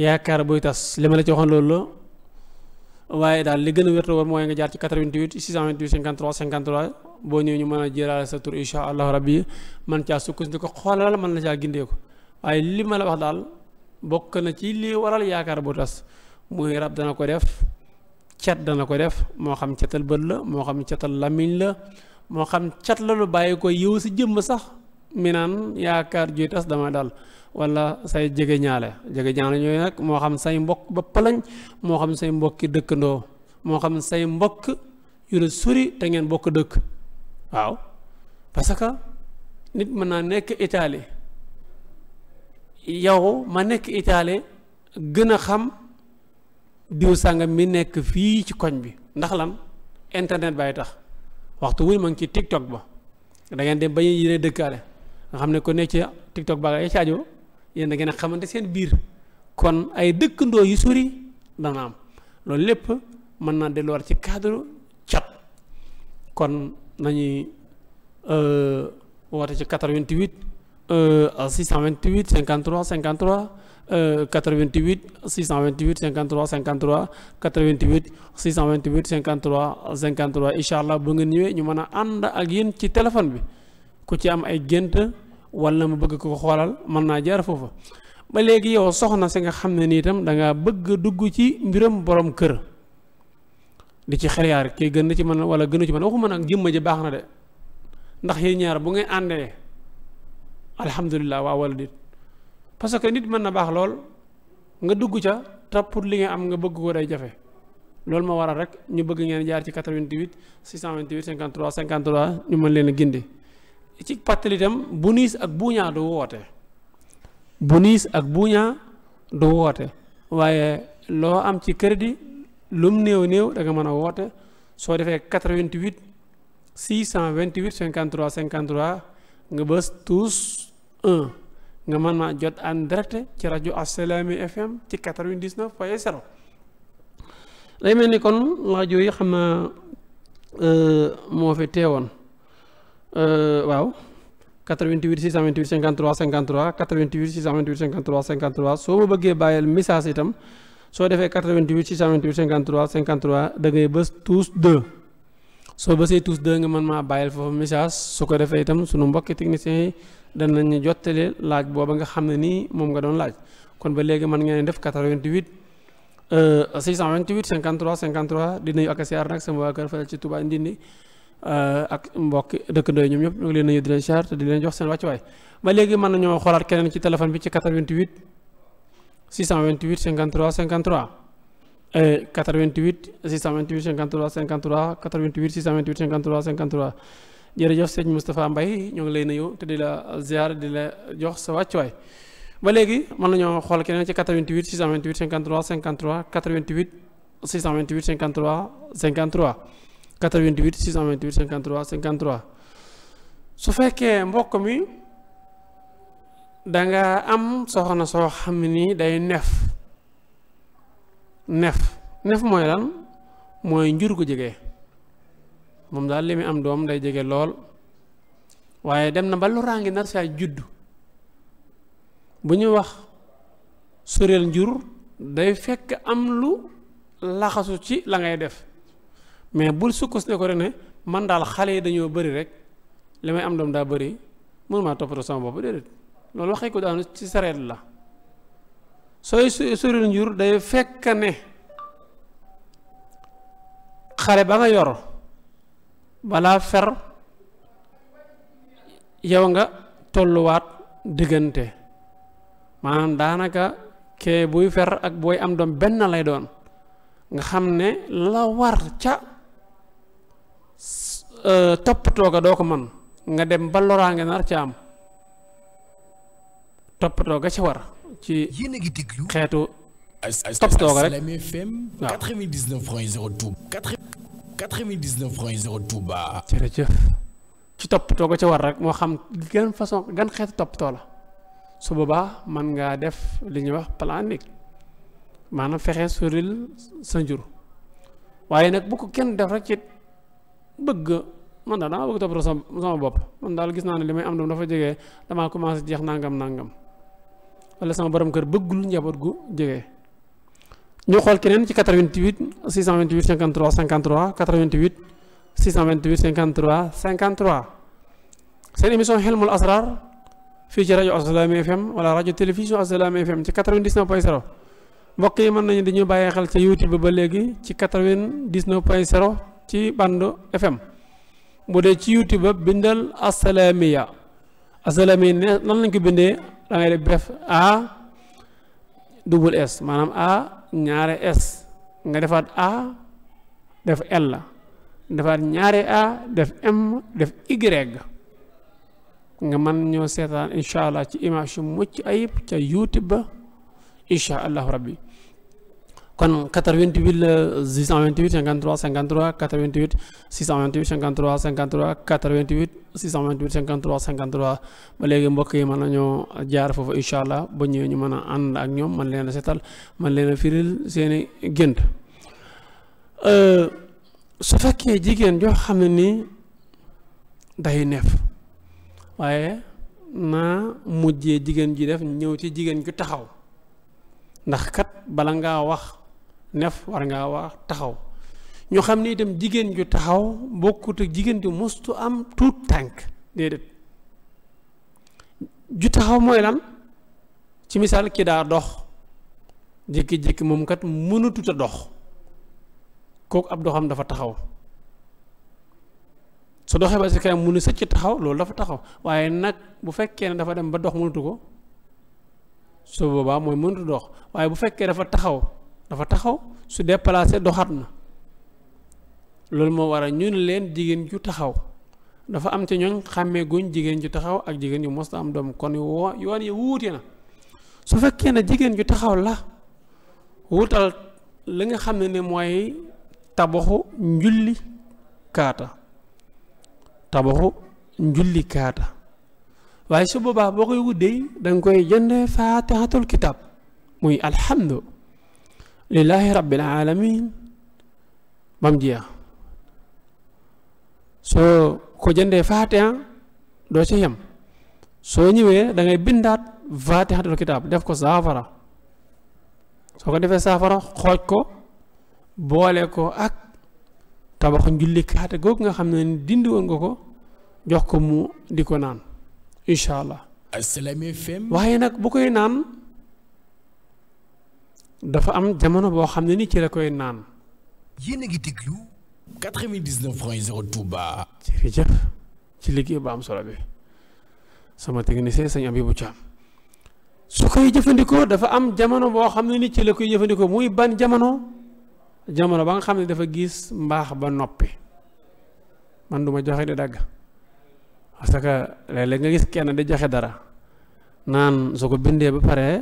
yaakaar buy tas li ma la ci waxoon loolu waaye daal li gën a wérte woon mooy nga jaar ci 88 628 53 53 boo ñëwee ñu mën a jëlaale sa tur incha allahu rabbi man di ko xoolal mën na caa gindeeku waaye li ma la wax daal bokk na ci lii waral yaakaar boo tas muy rab dana ko def cet dana ko def moo xam catal bët la moo xam catal lamiñ la moo xam cat la lu bàyyi ko yow si jëmm sax mi naan yaakaar juy tas dama daal wala say jege ñaale jege ñaale ñooyu nag moo xam say mbokk ba palañ moo xam say mbokki dëkkandoo moo xam say mbokk yu la sori te ngeen bokk dëkk waaw parce que nit mën naa nekk Italie yow ma nekk Italie gën a xam diw sàngam mi nekk fii ci koñ bi ndax lan internet bay tax waxtu wuñ ma ngi ci TikTok ba da ngeen dem ba yéen dëkkaale nga xam ne ko nekk ci TikTok ba nga ci aajo yéen da ngeen a xamante seen biir kon ay dëkkandoo yu sori dana am loolu lépp mën naa delluwaat ci cadre cat kon nañuy euh, woote ci 88 628 53 53 88 628 53 53 88 628 53 53 incha allah bu ngeen ñëwee ñu mën a ànd ak yéen ci téléphone bi ku ci am ay gént. wala mu bëgg ko xoolal mën naa jaar foofa ba léegi yow soxna si nga xam ne nii itam da ngaa bëgg dugg ci mbiram borom kër di ci xeliyaar kii gën na ci mën wala gënu ci mën waxuma nag jëmma ji baax na de ndax yéen ñaar bu ngay àndee alhamdulilah waa wala dit parce que nit mën na baax lool nga dugg ca te pour li nga am nga bëgg ko day jafe loolu ma waral rek ñu bëgg ngeen jaar ci 88 628 53 53 ñu mën leen a gindi ci pàttali bu buniis ak buuñaa du woote bu buniis ak buuñaa du woote waaye loo am ci crédit lum néew néew da nga mën a woote soo defee vingt 628 53 53 nga bës tous nga mën maa jot en direct ci rajo Assalaamy FM ci 99 point 0 lay mel ni kon laajo yi xam naa euh, moo fi teewoon Euh, waaw 88 628 53 53 88 628 53 53 soo ma bëggee bàyyil message itam soo defee 88 628 53 53 da ngay bës tous 2 soo bësee tous 2 nga mën maa bàyyil foofu message su ko defee itam sunu mbokki techniciens yi danañ ñu jottali laaj booba nga xam ne nii moom nga doon laaj kon ba léegi mën ngeen def 88 628 53 53 di nuyu ak siyaar nag sama waa kër fële ci Touba Euh, ak mbokk dëkkandoo yi ñoom ñëpp ñu ngi leen nuyu di leen siyaar te di leen jox seen wàccuwaay ba léegi mën nañoo xoolaat keneen ci téléphone bi ci 88 628 53 53 88 628 53 53 88 628 53 53 jërëjëf sëñ Moustapha Mbaye ñu ngi lay nuyu te di la ziar di la jox sa wàccuwaay ba léegi mën nañoo xool keneen ci 88 628 53 53 88 628 53 53. 88 628 53 53 su fekkee mbokk mi danga am soxna soo xam ne nii day nef nef nef mooy lan mooy njur gu jege moom daal li am doom day jege lool waaye dem na ba lu ngi nar saa judd bu ñu wax soreel njur day fekk am lu laxasu ci la ngay def mais bul sukkus ne ko rek ne man daal xale yi dañoo bëri rek li may am doom daa bëri mënumaa toppatoo sama bopp déedéet loolu waxee ko daanu ci sareet la sooy soril njur day fekk ne xale ba nga yor balaa fer yow nga tolluwaat diggante maanaam daanaka kee buy fer ak booy am doom benn lay doon nga xam ne la war ca Euh, toppatoo ga doo ko mën nga dem ba loraange nar ca am toppatoo ga ca war ci xeetu toppatoo ga rek waaw 99.0 Touba. jërëjëf ci toppatoo ga ci war rek moo xam gan façon gan xeetu toppatoo la su boobaa man ngaa def li ñuy wax planique maanaam fexe suril sa njur waaye nag bu kenn def rek ci. bëgg man daal damaa bëgg toppatoo sama sama bopp man daal gis naa ni li may am doom dafa jege damaa commencé jeex nangam nàngam wala sama borom kër bëggul njaboot gu jege. ñu xool keneen ci 88 628 53 53 88 628 53 53 seen émission Hilmul Asrar fii ci rajo Assalaamy FM wala rajo télévision Assalaamy FM ci 99.0 mbokk yi mën nañu dañu bàyyi xel ca YouTube ba léegi ci 99.0. ci bandu FM bu dee ci YouTube bindal asalaamiya asalaamiya ne nan lañ ko bindee da ngay def bref A double S maanaam A ñaare es nga defaat A def L defaat ñaare A def M def Y nga mën ñoo seetaan incha allah ci image yu mucc ayib ca YouTube ba incha allahu rabbi kon 88 628 53 53 88 628 53 53 88 628 53 53 ba léegi mbokk yi mën nañoo jaar foofu incha allah ba ñëwee ñu mën a ànd ak ñoom man leen a setal man leen a firil seeni gént euh, su fekkee jigéen joo xam ne nii day neef waaye naa mujjee jigéen ji def ñëw ci jigéen ju taxaw ndax kat bala ngaa wax nef war ngaa wax taxaw ñu xam ne itam jigéen ju taxaw bokkut ak jigéen ju mustu am tuut tànk déedéet ju taxaw mooy lan ci misaal ki daa dox jékki-jékki moom kat mënatut dox kooku ab doxam dafa taxaw su doxee ba si kanam mu ne sëcc taxaw loolu dafa taxaw waaye nag bu fekkee ne dafa dem ba dox mënatu ko su boobaa mooy mënatu dox waaye bu fekkee dafa taxaw dafa taxaw su déplacé doxat na loolu moo waral ñun leen jigéen ju taxaw dafa am ci ñooñ xàmmee guñ jigéen ju taxaw ak jigéen yu mos am doom kon woo yoon yi wuute na su fekkee ne jigéen ju taxaw la wutal li nga xam ne ne mooy tabaxu njulli kaata tabaxu njulli kaata waaye su boobaa boo koy wuddee danga koy jënd jëndee faatihatul kitaab muy alhamdu lillaahi rabbil alamin bam jeex soo ko jëndee fatiha doo ci yem soo ñëwee da ngay bindaat fatihatul kitaab def ko saafara soo ko defee saafara xooj ko boole ko ak tabaxu njulli kaate googu nga xam ne dindi woon nga ko jox ko mu di ko naan incha allah. Assalaamy FM. nag bu koy naan. dafa am jamono boo xam ne ni ci la koy naan. yéen a ngi déglu 99.0 Touba. jërëjëf ci liggéey bu am solo bi sama technicien sëñ Abibou Thiam su koy jëfandikoo dafa am jamono boo xam ne ni ci la koy jëfandikoo muy ban jamono jamono ba nga xam ne dafa gis mbaax ba noppi man du joxe di dagg parce que léeg nga gis kenn di joxe dara naan su ko bindee ba pare.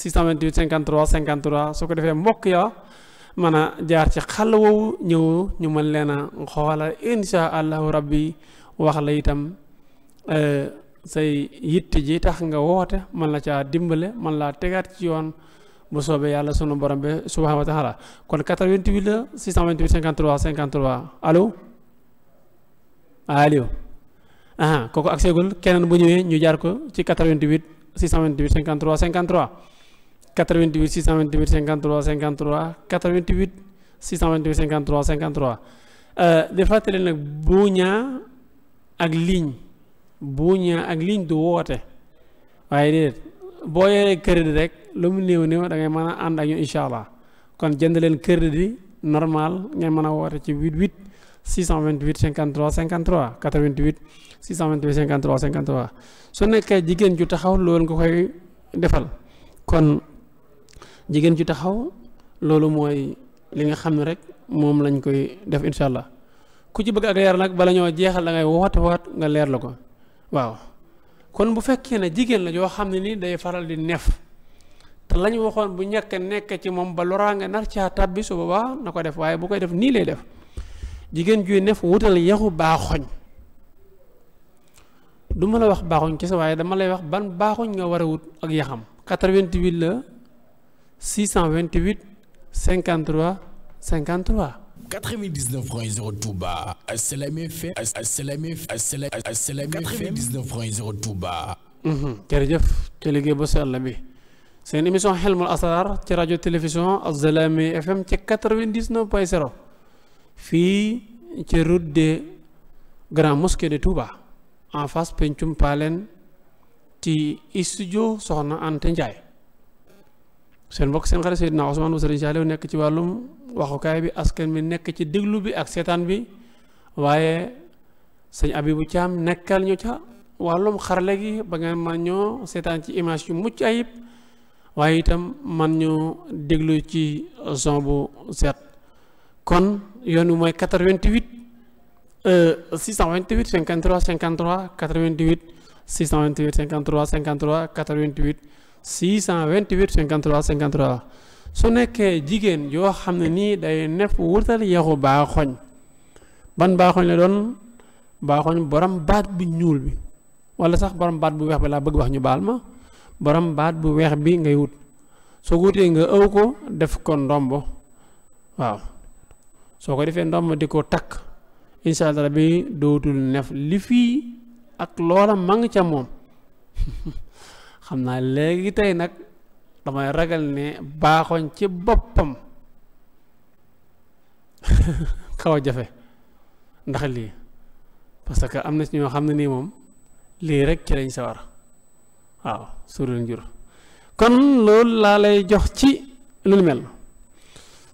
628 53 53 soo ko defee mbokk ya man a jaar ci xàll woowu ñëw ñu mën leen a xoola insha allahu rabbi wax la itam euh, say yitte ji tax nga woote mën la caa dimbale mën laa tegaat ci yoon bu soobee yàlla sunu borom bi subhaanahu wa kon 88 la 628 53 53 allo allo aha kooku ak seegul keneen bu ñëwee ñu jaar ko ci 88 628 53 88 628 53 53 88 628 53 53 di fàttali nag buuñaa ak ligne buuñaa ak ligne du woote waaye déedéet boo yoree crédit rek lu mu néew néew da ngay mën a ànd ak ñu allah kon jënd leen crédit normal ngeen mën a woote ci 88 628 53 53 88 628 53 53 su nekkee jigéen ju taxaw loolu nga koy defal kon. jigéen ju taxaw loolu mooy li nga xam ne rek moom lañ koy def incha allah ku ci bëgg ak leer nag bala ñoo jeexal da ngay woote nga leer la ko waaw kon bu fekkee ne jigéen la joo xam ne nii day faral di nef te lañu waxoon bu ñekk nekk ci moom ba loraange nar caa tàbbi su boobaa na ko def waaye bu koy def nii lay def jigéen juy neef wutal yaxu baaxoñ du ma la wax baaxoñ kese waaye dama lay wax ban baaxuñ nga war wut ak yaxam 88 la. 628 53 53. 99.0 Touba Assalaamy FM Assalaamy Assalaamy Assalaamy FM 99.0 Touba. Mhm. jërëjëf ci liggéey bu sell bi seen émission xelmul asraar ci rajo télévision Assalaamy FM ci 99.0 fii ci route de Grand Mosquée de Touba en face pencum Paalen ci studio Soxna Anta Ndiaye. seen mbokk seen xarit Seydina Ousmane bu Serigne Saliou nekk ci wàllum waxukaay bi askan mi nekk ci déglu bi ak seetaan bi waaye sëñ Abibou Thiam nekkal ñu ca wàllum xarale gi ba nga man ñoo seetaan ci image yu mucc ayib waaye itam man ñu déglu ci son bu set kon yoon wi mooy 88 628 53 53 88 628 53 53 88 628 53 53 su nekkee jigéen yoo xam ne nii day nepp wutal yaxu baaxoñ ban baaxoñ la doon baaxoñ borom baat bu ñuul bi wala sax borom baat bu weex bi laa bëgg wax ñu baal ma borom baat bu weex bi ngay wut soo ko wutee nga ëw ko def ko ndombo waaw soo ko defee ndomb di ko takk incha allah bi dootul nef li fii ak loola mang ca moom xam naa léegi tey nag damay ragal ne baaxoñ ci boppam xaw a jafe ndax lii parce que am na ci ñoo xam ne nii moom lii rek ci lañ sawar waaw suurul njur kon loolu laa lay jox ci lu mel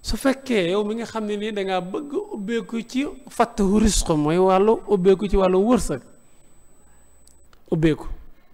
su fekkee yow mi nga xam ne nii dangaa bëgg ubbeeku ci fatt risq mooy wàllu ubbeeku ci wàllu wërsëg ubbeeku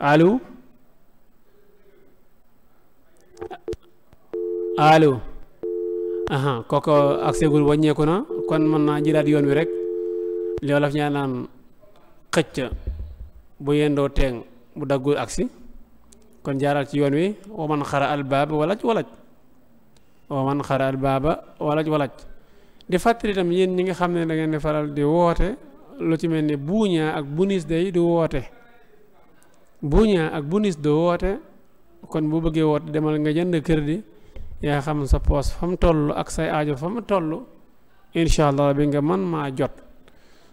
allo allo aha kooku accès na kon mën naa jilaat yoon wi rek li Wolof ñaa naan xëcc bu yendoo teeng bu daggul agsi kon jaaral ci yoon wi waman xara al baaba walaj walaj waman xara al baaba walaj walaj di fàttali itam yéen ñi nga xam ne dangeen di faral di woote lu ci mel ni buuñaa ak bunis day du woote buña ak bunis doo woote kon bu bëggee woote demal nga jënd crédit yaa xam sa poos fa mu toll ak say aajo fa mu toll incha allah bi nga man maa jot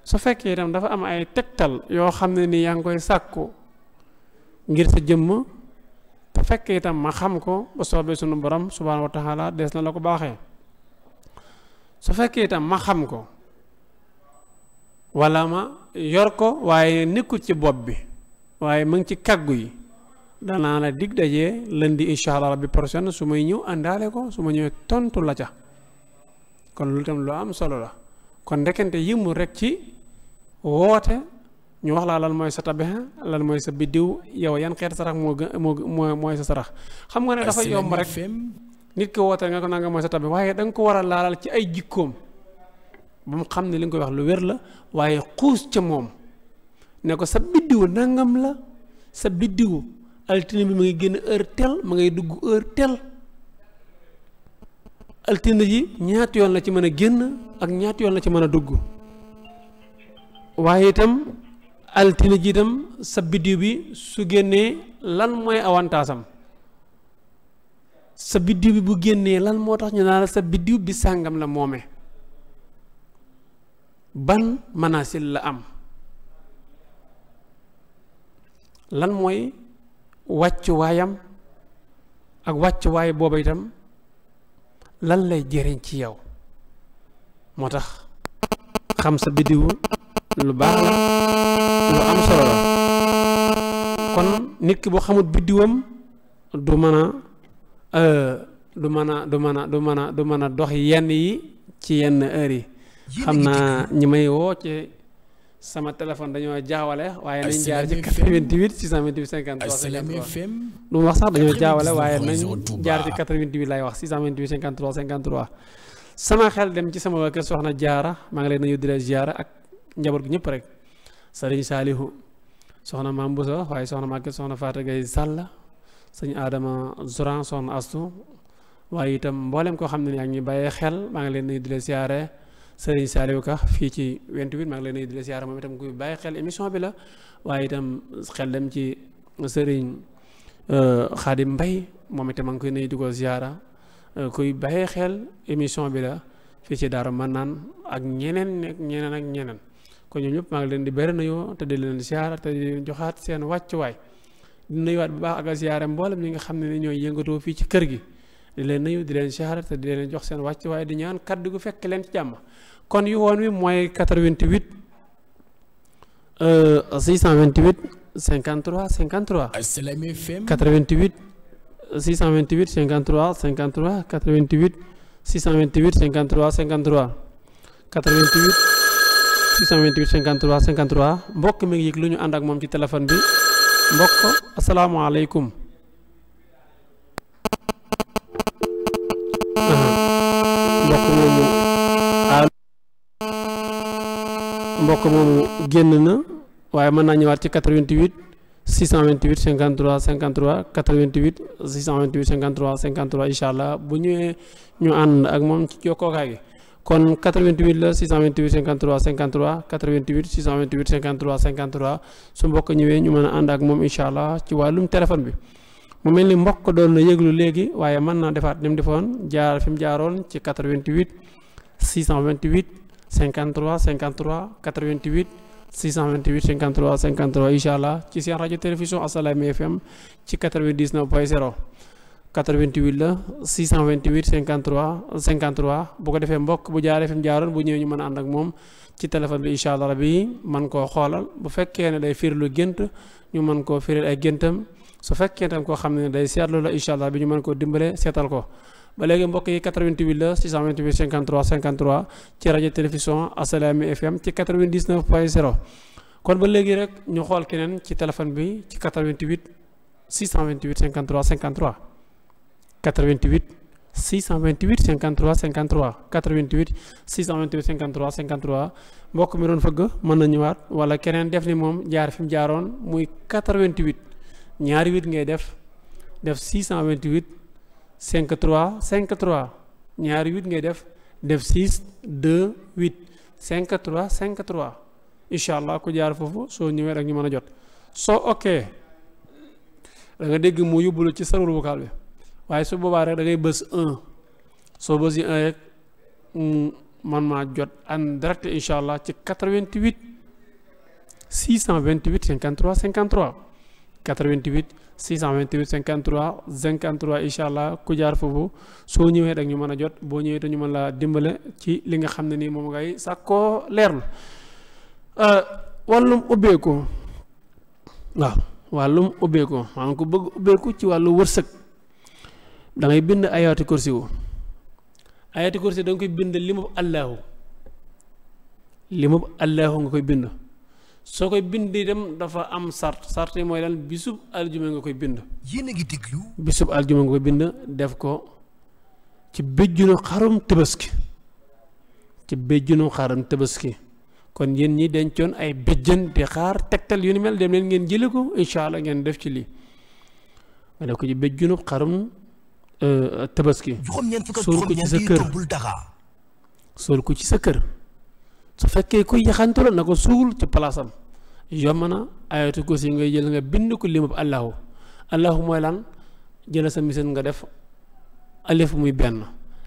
su fekkee itam dafa am ay tegtal yoo xam ne ni yaa ngi koy sàkku ngir sa jëmm su fekkee itam ma xam ko bu soobee sunu borom subhaanahu wa taala des na la ko baaxee su fekkee itam ma xam ko wala ma yor ko waaye nekkul ci bopp bi waaye mu ngi ci kàggu yi danaa la dig lan di incha allah rabbi prochaine su may ñëw àndaale ko su ma ñëwee tontu la ca kon lu tam lu am solo la kon ndekente yëmul rek ci woote ñu wax laa lan mooy sa tabexa mooy sa biddiw yow yan xeet sarax moo gën moo mooy sa sarax xam nga ne dafa yomb rek nit ko woote nga ko nanga mooy sa tabe waaye da nga ko war a laalal ci ay jikkoom ba xam ne li nga koy wax lu wér la waaye xuus ca moom ne ko sa biddiw nangam la sa biddiwu altine bi mu ngi génn heure tel ma ngay dugg heure tel altine ji ñaati yoon la ci mën a génn ak ñaati yoon la ci mën a dugg waaye itam altine ji itam sa biddiw bi su génnee lan mooy avantage sa biddiw bi bu génnee lan moo tax ñu naa la sa biddiw bi sàngam la moome ban manaasil la am lan mooy wàccuwaayam ak wàccuwaay booba itam lan lay jëriñ ci yow moo tax xam sa biddiwu lu baax la lu am solo la kon nit ki boo xamul biddiwam euh, du mën a du mën a du mën a mën a mën a dox yenn yi ci yenn heure yi xam naa ñi may woo sama téléphone dañoo jaawale waaye nañ jaar ci 88 628 53 53 lu mu wax sax dañoo jaawale waaye nañ jaar ci 88 lay wax 628 53 53 sama xel dem ci sama waa kër soxna jaara maa ngi leen nañu di leen ziyaara ak njaboot gi ñëpp rek sëriñ saalihu soxna maam Busa waaye soxna Maguette soxna Fatou Gueye Sall sëñ aadama Zoran soxna Astu waaye itam mboolem koo xam ne ni ak ñu bàyyee xel maa ngi leen nuyu di leen ziyaare sëriñ Saliou Ka fii ci 28 maa ngi di la siyaara moom itam kuy bàyyi xel émission bi la waaye itam xel dem ci sëriñ euh, Xaadim Mbay moom itam maa ngi di ko siyaara euh, kuy bàyyi xel émission bi la fii ci Daaru Manaan ak ñeneen ak ñeneen ak ñeneen kon ñoom ñëpp maa ngi leen di bëri nuyoo te di leen siyaara te di joxaat seen wàccuwaay di nuyuwaat bu baax ak a siyaare mboolem ñi nga xam ne ni ñooy yëngatoo fii ci kër gi. di leen nuyu di leen siyaare te di leen jox seen wàcc waaye di ñaan kaddu gu fekk leen ci jàmm kon yu woon wi mooy 88 628 53 53. Assalaamy FM 88 628 53 53 88 628 53 53 88 628 53 53 mbokk mi ngi yëg lu ñu ànd ak moom ci téléphone bi mbokk asalaamaaleykum. mbokk moomu génn na waaye mën naa ñëwaat ci 88 628 53 53 88 628 53 53 incha allah bu ñëwee ñu ànd ak moom ci jokkookaay gi kon 88 la 628 53 53 88 628 53 53 su mbokk ñëwee ñu mën a ànd ak moom incha allah ci wàllum téléphone bi. mu mel ni mbokk doon na yëglu léegi waaye mën naa defaat ni mu defoon jaar fi mu jaaroon ci 88 628. 53 53 88 628 53 53 incha allah ci seen rajo télévision Assalaamy FM ci 99 point 0 88 la 628 53 53 bu ko defee mbokk bu jaaree fi mu jaaroon bu ñëwee ñu mën a ànd ak moom ci téléphone bi incha allah rabi man koo xoolal bu fekkee ne day firi gént ñu mën koo firil ay géntam su fekkee tam koo xam ne day seetlu la incha allah bi ñu mën koo dimbale seetal ko. ba léegi mbokk yi 88 la 628 53 53 ci rajo télévision Assalaamy FM ci 99 point 0 kon ba léegi rek ñu xool keneen ci téléphone bi ci 88 628 53 53 88 628 53 53 88 628 53 53 mbokk mi doon fëgg mën na ñëwaat wala keneen def ni moom jaar fi mu jaaroon muy 88 ñaari 8 ngay def def 628. 5 3 5 3 ñaari 8 ngay def def 6 2 8 5 3 5 3 incha allah ku jaar foofu soo ñëwee rek ñu mën a jot soo ok da nga dégg mu yóbbule ci serveur vocal bi waaye su boobaa rek da ngay bës 1 soo bës yi 1 rek man maa jot en direct incha allah ci 88 628 53 53 88. 628 53 53 incha allah ku jaar foofu soo ñëwee rek ñu mën a jot boo ñëwee te ñu mën laa dimbale ci li nga xam ne nii moom ngay sàkkoo leerlu euh, wàllum ubbeeku waaw wàllum ubbeeku maanaam ku bëgg ubbeeku ci wàllu wërsëg da ngay bind ayaati kursi wu ayaati kursi da koy bind limub allahu limub allahu nga koy bind. soo koy bind dem dafa am sart sart yi mooy lan bisub aljuma nga koy bind. yéen a ngi déglu. bisub aljuma nga bind def ko ci béjjunu xarum tabaski ci béjjunu xarum tabaski kon yéen ñi dencoon ay béjjën di xaar tegtal yu ni dem leen ngeen jëlee ko incha allah ngeen def ci lii nga ci béjjunu xarum euh, tabaski. juróom-ñeent fukk ko ci sa kër. sol ko ci sa kër. su fekkee kuy yaxantu la na ko suul ci palaasam yomb na ayatu ko si ngay jël nga bind ko limab allahu allahu mooy lan jël sa misin nga def alif muy benn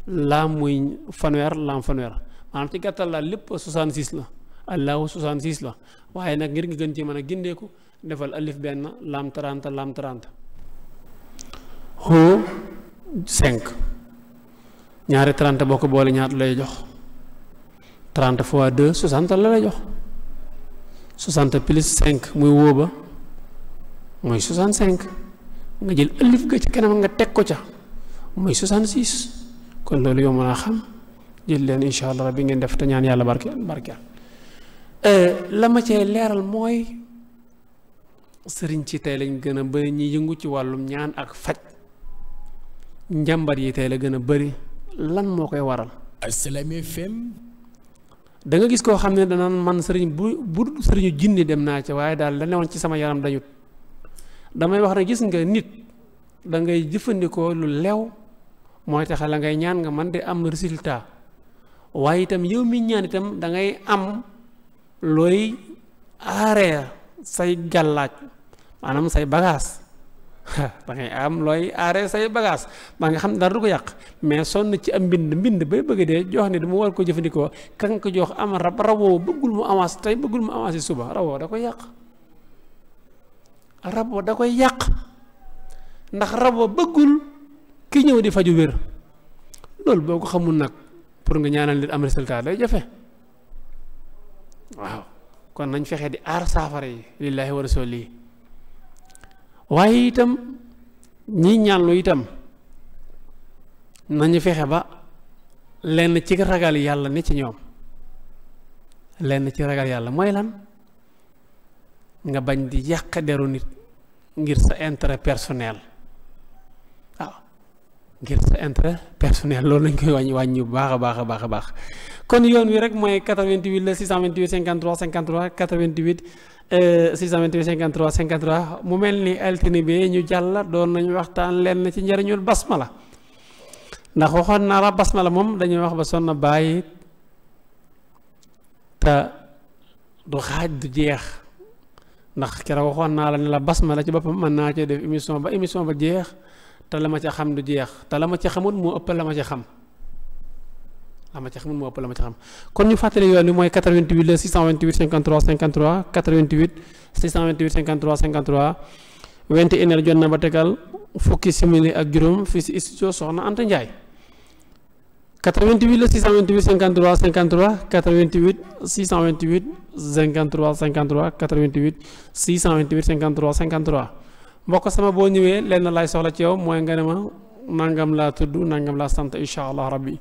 laam muy fanweer laam fanweer maanaam ci gàttal la lépp 66 la allahu 66 la waaye nag ngir nga gën ci mën a gindeeku defal alif benn laam 30 laam 30 ho 5 ñaari 30 boo ko boole ñaat lay jox 30 fois 2 60 la lay jox 60 plus cinq muy wóoba mooy 65 nga jël ëllif ga ci kanam nga teg ko ca mooy 66 kon loolu yow mën a xam jël leen incha allah rabbi ngeen def te ñaan yàlla barke barkeel euh, la ma cee leeral mooy sëriñ ci tey lañ gën a bëri ñi yëngu ci wàllum ñaan ak faj njàmbar yi tey la gën a lan moo koy waral. da gis koo xam ne danaan man sëriñ bu bu sëriñu jinne dem naa ci waaye daal la newoon ci sama yaram dañut damay wax ne gis nga nit da ngay jëfandikoo lu lew mooy tax ngay ñaan nga man di am résultat waaye itam yow mi ñaan itam da ngay am looy aaree say gàllaaj maanaam say bagaas da ngay am looy aare say bagage maa nga xam ne daal du ko yàq mais sonn ci am mbind mbind bay bëgg dee jox ne du mu war ko jëfandikoo ka nga ko jox am rab rawoo bëggul mu avance tey bëggul mu avancé suba rawoo da koy yàq rabo da koy yàq ndax rabo bëggul ki ñëw di faju wér loolu boo ko xamul nag pour nga ñaanal nit am résultat day jafe waaw kon nañ fexe di aar saafara yi lillahi wa lii waaye itam ñi ñaanlu itam nañu fexe ba lenn ci ragal yàlla ne ci ñoom lenn ci ragal yàlla mooy lan nga bañ di yàq deru nit ngir sa intere personnel waaw ngir sa intérêt personnel loolu lañ koy wàññi wàññi bu baax a baax a baax baax kon yoon wi rek mooy 88 la 628 53 53 88 628 53 53 mu mel ni altine bi ñu jàll la doon nañu waxtaan lenn ci njëriñul basmala ndax waxoon naa la moom dañuy wax ba sonn bàyyi du xaaj du jeex ndax keroog waxoon naa la bas ma la ci boppam mën naa cee def émission ba émission ba jeex te la ma ca xam du jeex te la ma ca xamul moo ëpp la ma ca xam. la ah, ma ci xamul moo ëpp la ma ci xam kon ñu fàttali yoon bi mooy 88 la 628 53 53 88 628 53 53 21 heures jot na ba tegal fukki simili ak juróom fii si studio Soxna Anta Ndiaye 88 la 628 53 53 88 628 53 53 88 628 53 53 mbokk sama boo ñëwee lenn laay soxla ci yow mooy nga ne ma nangam laa tudd nangam laa sant incha allah rabbi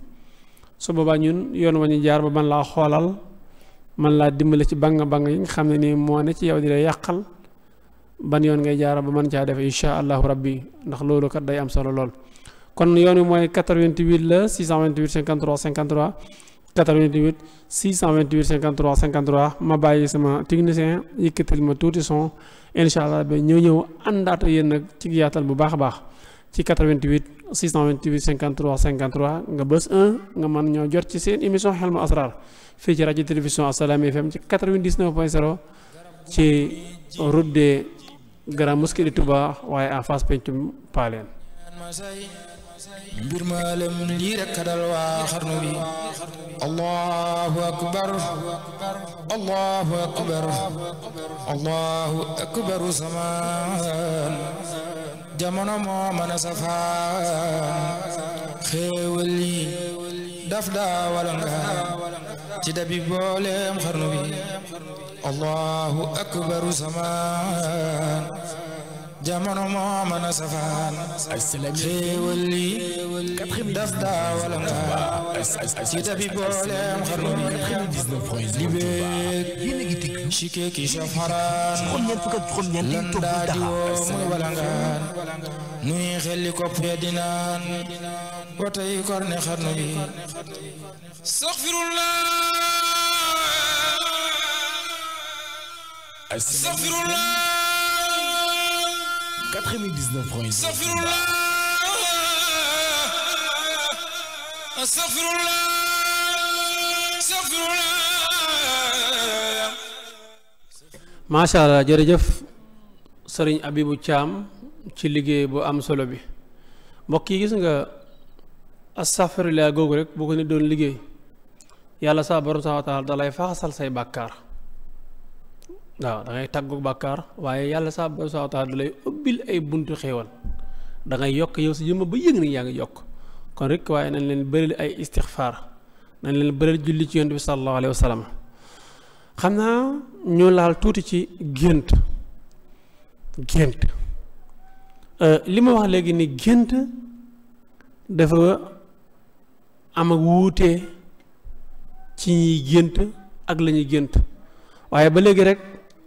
su boobaa ñun yoon wa ñu jaar ba man laa xoolal man laa dimbale ci bang bang yi nga xam ne nii moo ne ci yow di la yàqal ban yoon ngay jaar ba mën caa def incha allahu rabbi ndax loolu kat day am solo lool. kon yoon wi mooy 88 la 628 53 53 88 628 53 53 ma bàyyi sama technicien yëkkatil ma tuuti son incha allah ba ñëw ñëw àndaata yéen nag ci yaatal bu baax a baax. ci 88 628 53 nga bës nga mën ñoo jot ci seen émission xelmu asrar fii ci rajo télévision Assalaamy FM ci 99 point 0 ci route Grand Mosquée de waaye en face pencum Paaleen mbir ma lii rek dal waa xarnu bi allahu akbar allahu akbar allahu jamono moo mën a safaa xéewal yi daf daa walangaan ci dabi booleem xarnu bi allahu akbaru samaan jamono moo mën a safaan xéewal yi daf daa wala ngaa ci tabi booleem xarnu yi di beeg chike ki chef xaraan lan daa di woo muy wala ngaan nuy xelli kopp ya dinaan wata yi kor ne xarnu yi astaghfirullah astaghfirullah 99 point astaghfirullah astaghfirullah sëriñ Abibu Caam ci liggéey bu am solo bi mbokk yi gis nga astaghfirullah googu rek boo ko ne doon liggéey yàlla saa borom saa wa taala faxasal say bàkkaar waaw da ngay tàggu bàkkaar waaye yàlla saa ba saa taala da lay ay buntu xéewal da ngay yokk yow si jëmm ba yëg ni yaa ngi yokk kon rek waaye nañ leen bëril ay istixfaar nañ leen bëril julli ci yonent bi sallallahu alayhi wa xam naa ñu laal tuuti ci gént gént euh, li ma wax léegi ni gént dafa am ak wuute ci ñiy gént ak lañuy ñuy gént waaye ba léegi rek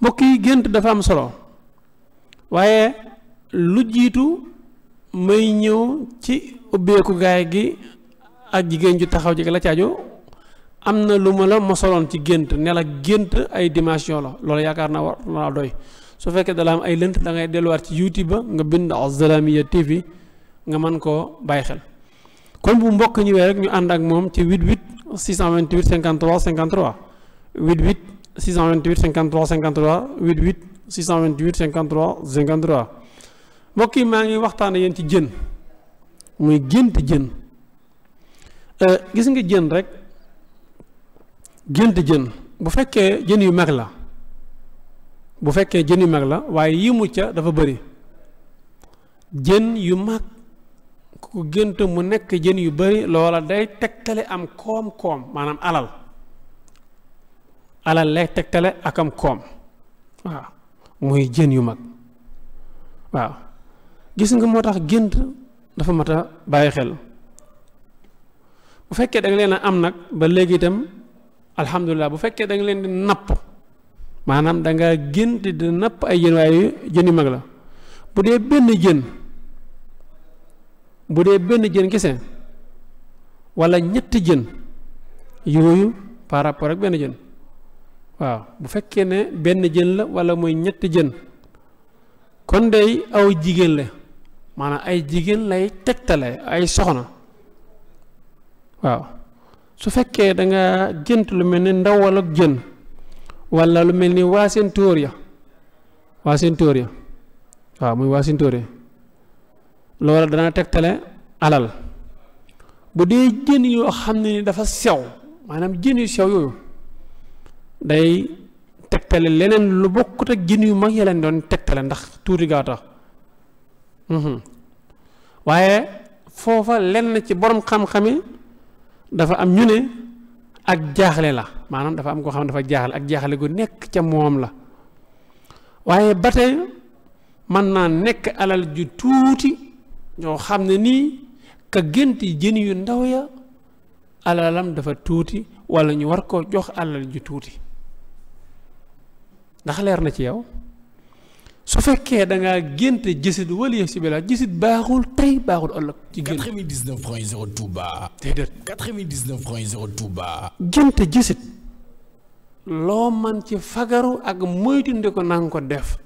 mbokk yi gént dafa am solo waaye lu jiitu may ñëw ci ubbeeku gaay gi ak jigéen ju taxaw ji la caaju am na lu ma la ma soloon ci gént nela la gént ay dimension la lool yaakaar na war naa doy su fekkee dala am ay lënt da ngay delluwaat ci youtube ba nga bind Assalaamy TV nga mën koo bàyyi xel kon bu mbokk ñëwee rek ñu ànd ak moom ci 88 628 53 53 88 628 53 53 88 628 53 53 mbokk yi maa ngi waxtaane yéen ci jën muy gént jën euh, gis nga jën rek gént jën bu fekkee jën yu mag la bu fekkee jën yu mag la waaye yi mu ca dafa bëri jën yu mag ku gént mu nekk jën yu bëri loola day tegtale am koom-koom maanaam alal alal lay tegtale ak am koom waaw muy jën yu mag waaw gis nga moo tax gént dafa mat a bàyyi xel bu fekkee danga leen a am nag ba léegi itam alhamdulilah bu fekkee danga leen di napp maanaam danga gént di napp ay jën waaye jën yu mag la bu dee benn jën bu dee benn jën kese wala ñetti jën yooyu par rapport ak benn jën waaw bu fekkee ne benn jën la wala mooy ñetti jën kon day aw jigéen la maanaam ay jigéen lay tegtale ay soxna waaw su fekkee da jënt lu mel ni ndawal ak jën wala lu mel ni waa seen tóor ya waa waasin tóor ya waaw muy waasin tóor ya loola dana tegtale alal bu dee jën yoo xam ni dafa sew maanaam jën yu sew yooyu day tegtale leneen lu bokkut ak jën yu mag ya leen doon tegtale ndax tuuti gaa tax mhm. waaye foofa lenn ci boroom xam-xami dafa am ñu ne ak jaaxle la maanaam dafa am koo xam ne dafa jaaxle ak jaaxle gu nekk ca moom la waaye ba mën naa nekk alal ju tuuti ñoo xam ne nii ka gént jën yu ndaw ya alalam dafa tuuti wala ñu war koo jox alal ju tuuti ndax leer na ci yow su fekkee da génte gént jësit wala yëf si bilaa jësit baaxul tey baaxul ëllëg. ci gént 99 point 0 Touba. déedéet 99 point 0 Touba. gént jësit loo man ci fagaru ak moytundi ko nanga ko def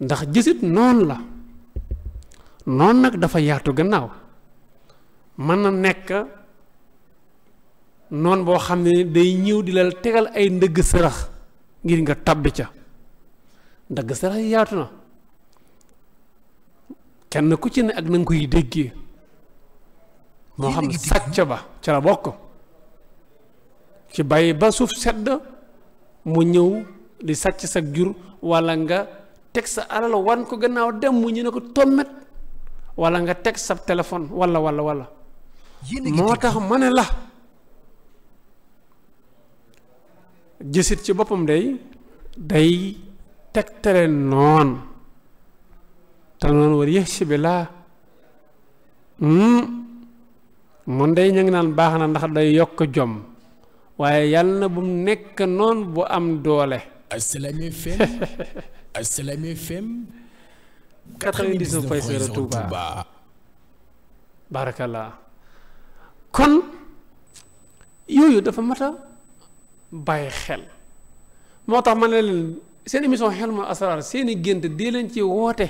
ndax jësit noonu la noon nag dafa yaatu gannaaw mën na nekk noon boo xam ne day ñëw di la tegal ay ndëgg sërax ngir nga tabbi ca ndagg sarax yi yaatu na kenn ku ci ne ak na nga koy déggee moo xam sàcc ba ca la bokk ci bàyyi ba suuf sedd mu ñëw di sàcc sag jur wala nga teg sa alal wan ko gannaaw dem mu ñu ne ko tommet wala nga teg sa téléphone walla wala wala moo tax ma ne la jësit ci boppam day day tegtale noon te noonu war yëg si bi laa hmm. moom day ñu ngi naan baax na ndax day yokk jom waaye yàlla na bu nekk noon bu am doole. Assalaamy FM Assalaamy FM 99 point 0 Touba kon yooyu dafa mata bàyyi xel moo tax ma ne leen seen xel Hilmul Asrar seeni gént di leen ci woote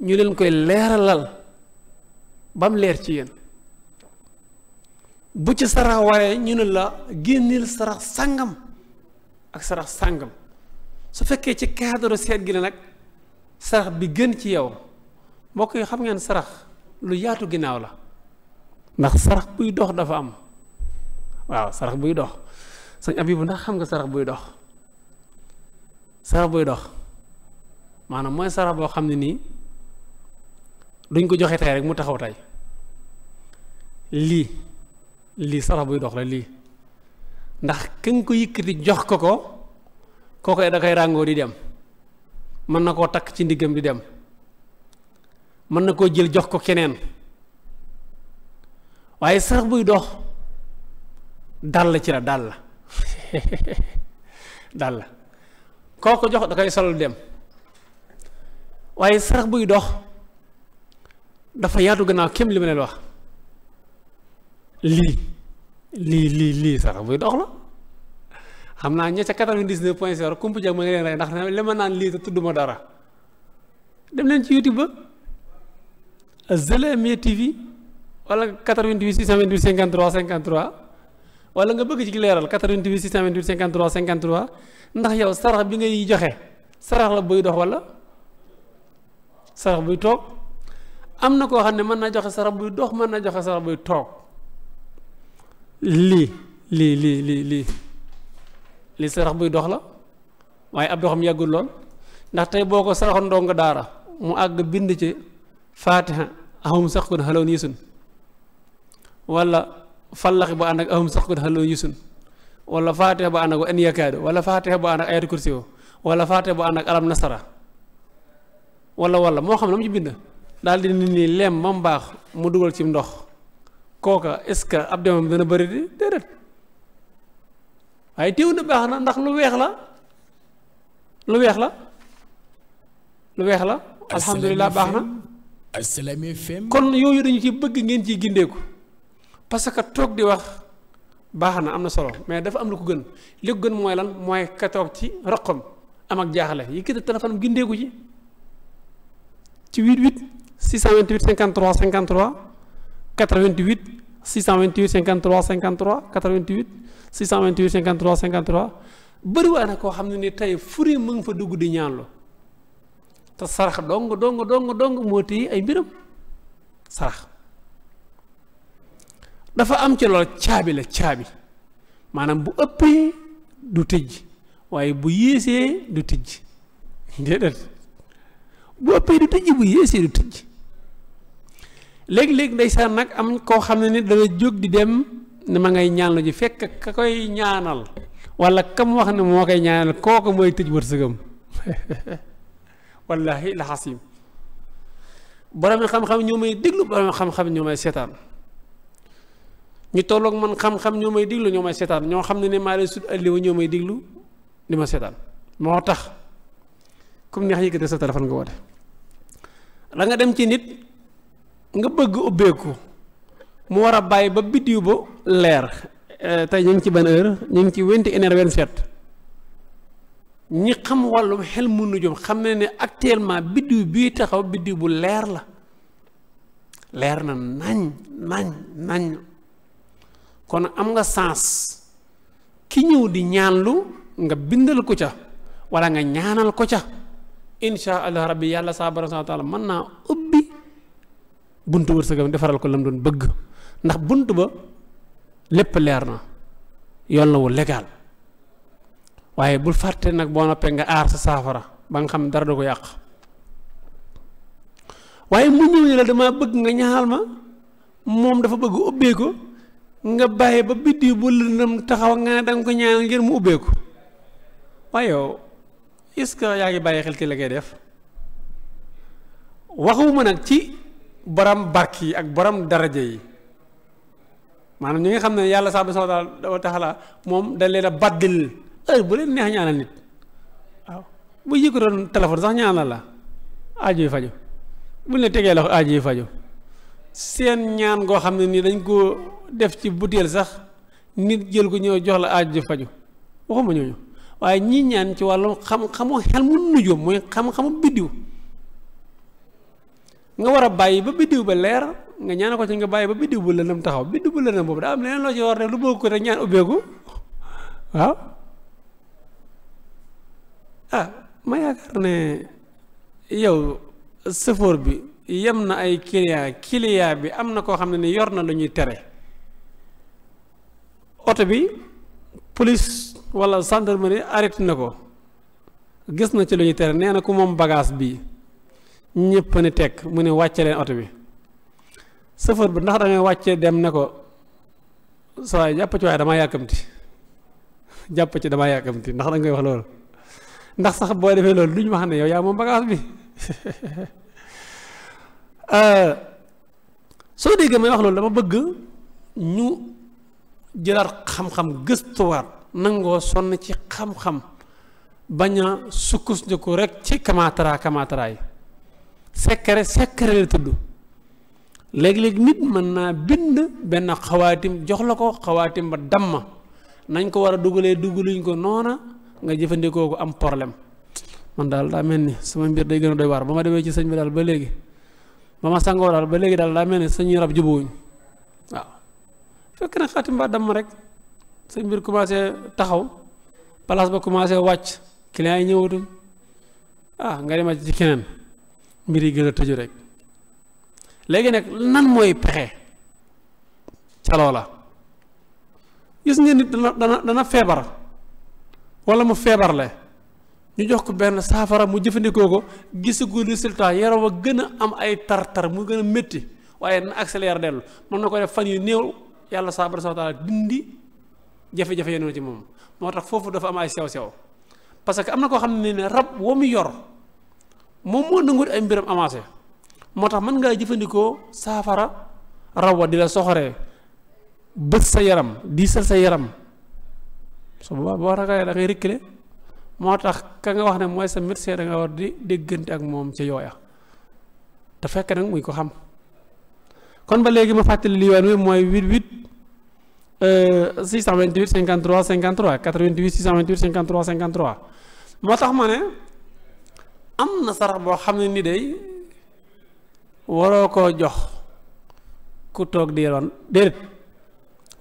ñu leen koy leeralal bam leer ci yéen bu ci sarax waree ñu ne la génneel sarax sàngam ak sarax sàngam su fekkee ci cadre seet gi la nag sarax bi gën ci yow mbokk yi xam ngeen sarax lu yaatu ginnaaw la ndax sarax buy dox dafa am waaw sarax buy dox sëñ Abibu ndax xam nga sarax buy dox sarax buy dox maanaam mooy sarax boo xam ne nii duñ ko joxe tey rek mu taxaw tey lii lii sarax buy dox la lii ndax kañ ko yëkkati jox ko ko kooku da koy ràngoo di dem mën na koo takk ci ndiggam di dem mën na koo jël jox ko keneen waaye sarax buy dox dal la ci la dal la daal la koo jox da koy solal dem waaye sarax buy dox dafa yaatu gannaaw kem li ma leen wax lii lii lii lii sarax buy dox la xam naa ña ca quatre-vingt-dix-neuf point zéro kumpu jag ma ngi leen rey ndax li ma naan lii te tudduma dara dem leen ci YouTube ba Assalaamy TV wala 88 628 53 53 wala nga bëgg ci leeral 88 628 53 53 ndax yow sarax bi ngay joxe sarax la buy dox wala sarax buy toog am na koo xam ne mën naa joxe sarax buy dox mën naa joxe sarax buy toog lii lii lii lii lii lii sarax buy dox la waaye ab doxam yàggul lool ndax tey boo ko saraxoon ndongo daara mu àgg bind ci faatiha ahum sax kon xaloon yisun wala fallax bu ànd ak ahum sax ko daxaloo yusun wala faatiha bu ànd wala faatiha bu ànd ak ayatu kursi wo wala faatiha bu ànd ak alam nasara wala wala moo xam ne mu ci bind daal nit nii lem ba mu baax mu dugal ci ndox kooka est-ce ab demam dana bëri di déedéet waaye téew na baax na ndax lu weex la lu weex la lu weex la alhamdulilah baax na kon yooyu dañu ci bëgg ngeen ciy gindeeku parce que toog di wax baax na am na solo mais dafa am lu ko gën li ko gën mooy lan mooy ka toog ci roqam am ak jaaxle yi kii téléphone am gindeeku ci ci 88 628 53 53 88 628 53 53 88 628 53 53 bëriwaay na koo xam ne ni tey furi mu ngi fa dugg di ñaanlu te sarax dong dong dong dong moo téye ay mbiram sarax. dafa am ci lool caabi la caabi maanaam bu ëppee du tëj waaye bu yéesee du tëj déedéet bu ëppee du tëj bu yéesee du tëj léeg-léeg ndeysaan nag am koo xam ne ni dana jóg di dem ne ma ngay ñaan la ji fekk ka koy ñaanal wala kam wax ne moo koy ñaanal kooku mooy tëj wërsëgam wallahi la xasim borom xam-xam ñoo may déglu borom xam-xam ñoo may seetaan ñu tollook man xam-xam ñoo may diglu ñoo may seetaan ñoo xam ne ne maa leen sut alliwa ñoo may diglu li ma seetaan moo tax comme neex yëkkate sa téléphone nga woote da dem ci nit nga bëgg ubbeeku mu war a bàyyi ba biddiw ba leer eh, tey ñu ngi ci ban heure ñu ngi ci vingt et une heure vingt-sept ñi xam wàllum xel mu nujum xam ne ni actuellement biddiw bii taxaw biddiw bu leer la leer na nañ nañ nañ kon am nga sens ki ñëw di ñaanlu nga bindal ko ca wala nga ñaanal ko ca insha allah rabbi yàlla saa borom subhaanahu wa mën naa ubbi buntu wërsëgam defaral ko lam doon bëgg ndax buntu ba lépp leer na yoon la wu légal waaye bul fàtte nag boo noppee nga aar sa saafara ba nga xam dara du ko yàq waaye mu ñëw ne la dama bëgg nga ñaanal ma moom dafa bëgg ubbee ko nga bàyyi ba biddiw bu lëndëm taxaw nga ne da ko ñaanal ngir mu ubbeeku waaye yow est-ce que yaa ngi bàyyi xel ci la ngay def waxuma nag ci borom barke yi ak borom daraja yi maanaam ñi nga xam ne yàlla sax bi soxla dafa taxala moom da leen a baddil heure bu leen neex ñaanal nit waaw bu yëkkatoon téléphone sax ñaanal la aajo yi faju bu ñu la tegee loxo aajo yi faju seen ñaan goo xam ne nii dañ ko def ci butéel sax nit jël ko ñëw jox la aaj ji faju waxuma ñooñu waaye ñii ñaan ci wàllu xam-xamu xel mu nujoom mooy xam-xamu biddiw nga war a bàyyi ba biddiw ba leer nga ñaan ko ci nga bàyyi ba biddiw bu lëndëm taxaw biddiw bu lëndëm boobu daa am leneen loo ci war def lu bëgg ko te ñaan ubbeeku waaw ah ma yaakaar ne yow sëfoor bi yem na ay client client bi am na koo xam ne ni yor na lañuy tere oto bi police wala gendarmerie arrêté na ko gis na ci lu ñu tere nee na ku moom bagaas bi ñëpp ni tekk mu ne wàcce leen oto bi chauffeur bi ndax dangay ngay wàcce dem ne ko sa waay jàpp waaye damaa yàkkamti jàpp ci damaa yàkkamti ndax da wax loolu ndax sax booy defee loolu duñ wax ne yow yaa moom bagage bi euh, soo déggee may wax loolu dama bëgg ñu. jëlaat xam-xam gëstuwaat nangoo sonn ci xam-xam bañ a sukkandiku rek ci kamaataraa kamaataraa yi sekkare sekkare la tudd léegi-léegi nit mën naa bind benn xawaatim jox la ko xawaatim ba damma nañ ko war a dugalee dugaluñ ko noona nga jëfandikoo ko am problème man daal daa mel ni sama mbir day gën a doy waar ba ma demee ci sëñ bi daal ba léegi ba ma sangoo daal ba léegi daal daa mel ni sañuy rab jubuwuñ fekk na xaatim ba damm rek seen mbir commencé taxaw place ba commencé wàcc client yi ñëwatuñ ah nga demaat ci keneen mbir yi gën a tëju rek léegi nag nan mooy pexe ca la gis nga nit dana dana dana feebar wala mu feebarle ñu jox ko benn saafara mu jëfandikoo ko ko résultat yaram wa gën a am ay tar-tar mu gën a métti waaye na accélère dellu mën na ko def fan yu néew yàlla saa bara sa taala dindi jafe-jafe yenoon ci moom moo tax foofu dafa am ay sew-sew parce que am na koo xam ne ne rab woo mu yor moom moo nangut ay mbiram avancé moo tax mën ngaa jëfandikoo saafara raw wa di la soxoree bët sa yaram diisal sa yaram su boobaa boo ragalee da ngay moo tax ka nga wax ne mooy sa médecin da nga war di déggante ak moom ca yooya te fekk muy ko xam kon ba léegi ma fàttali li yoon wi mooy 88 628 53 53 88 628 53 53 moo tax ma ne am na sarax boo xam ne ni day waroo koo jox ku toog di yoon déedéet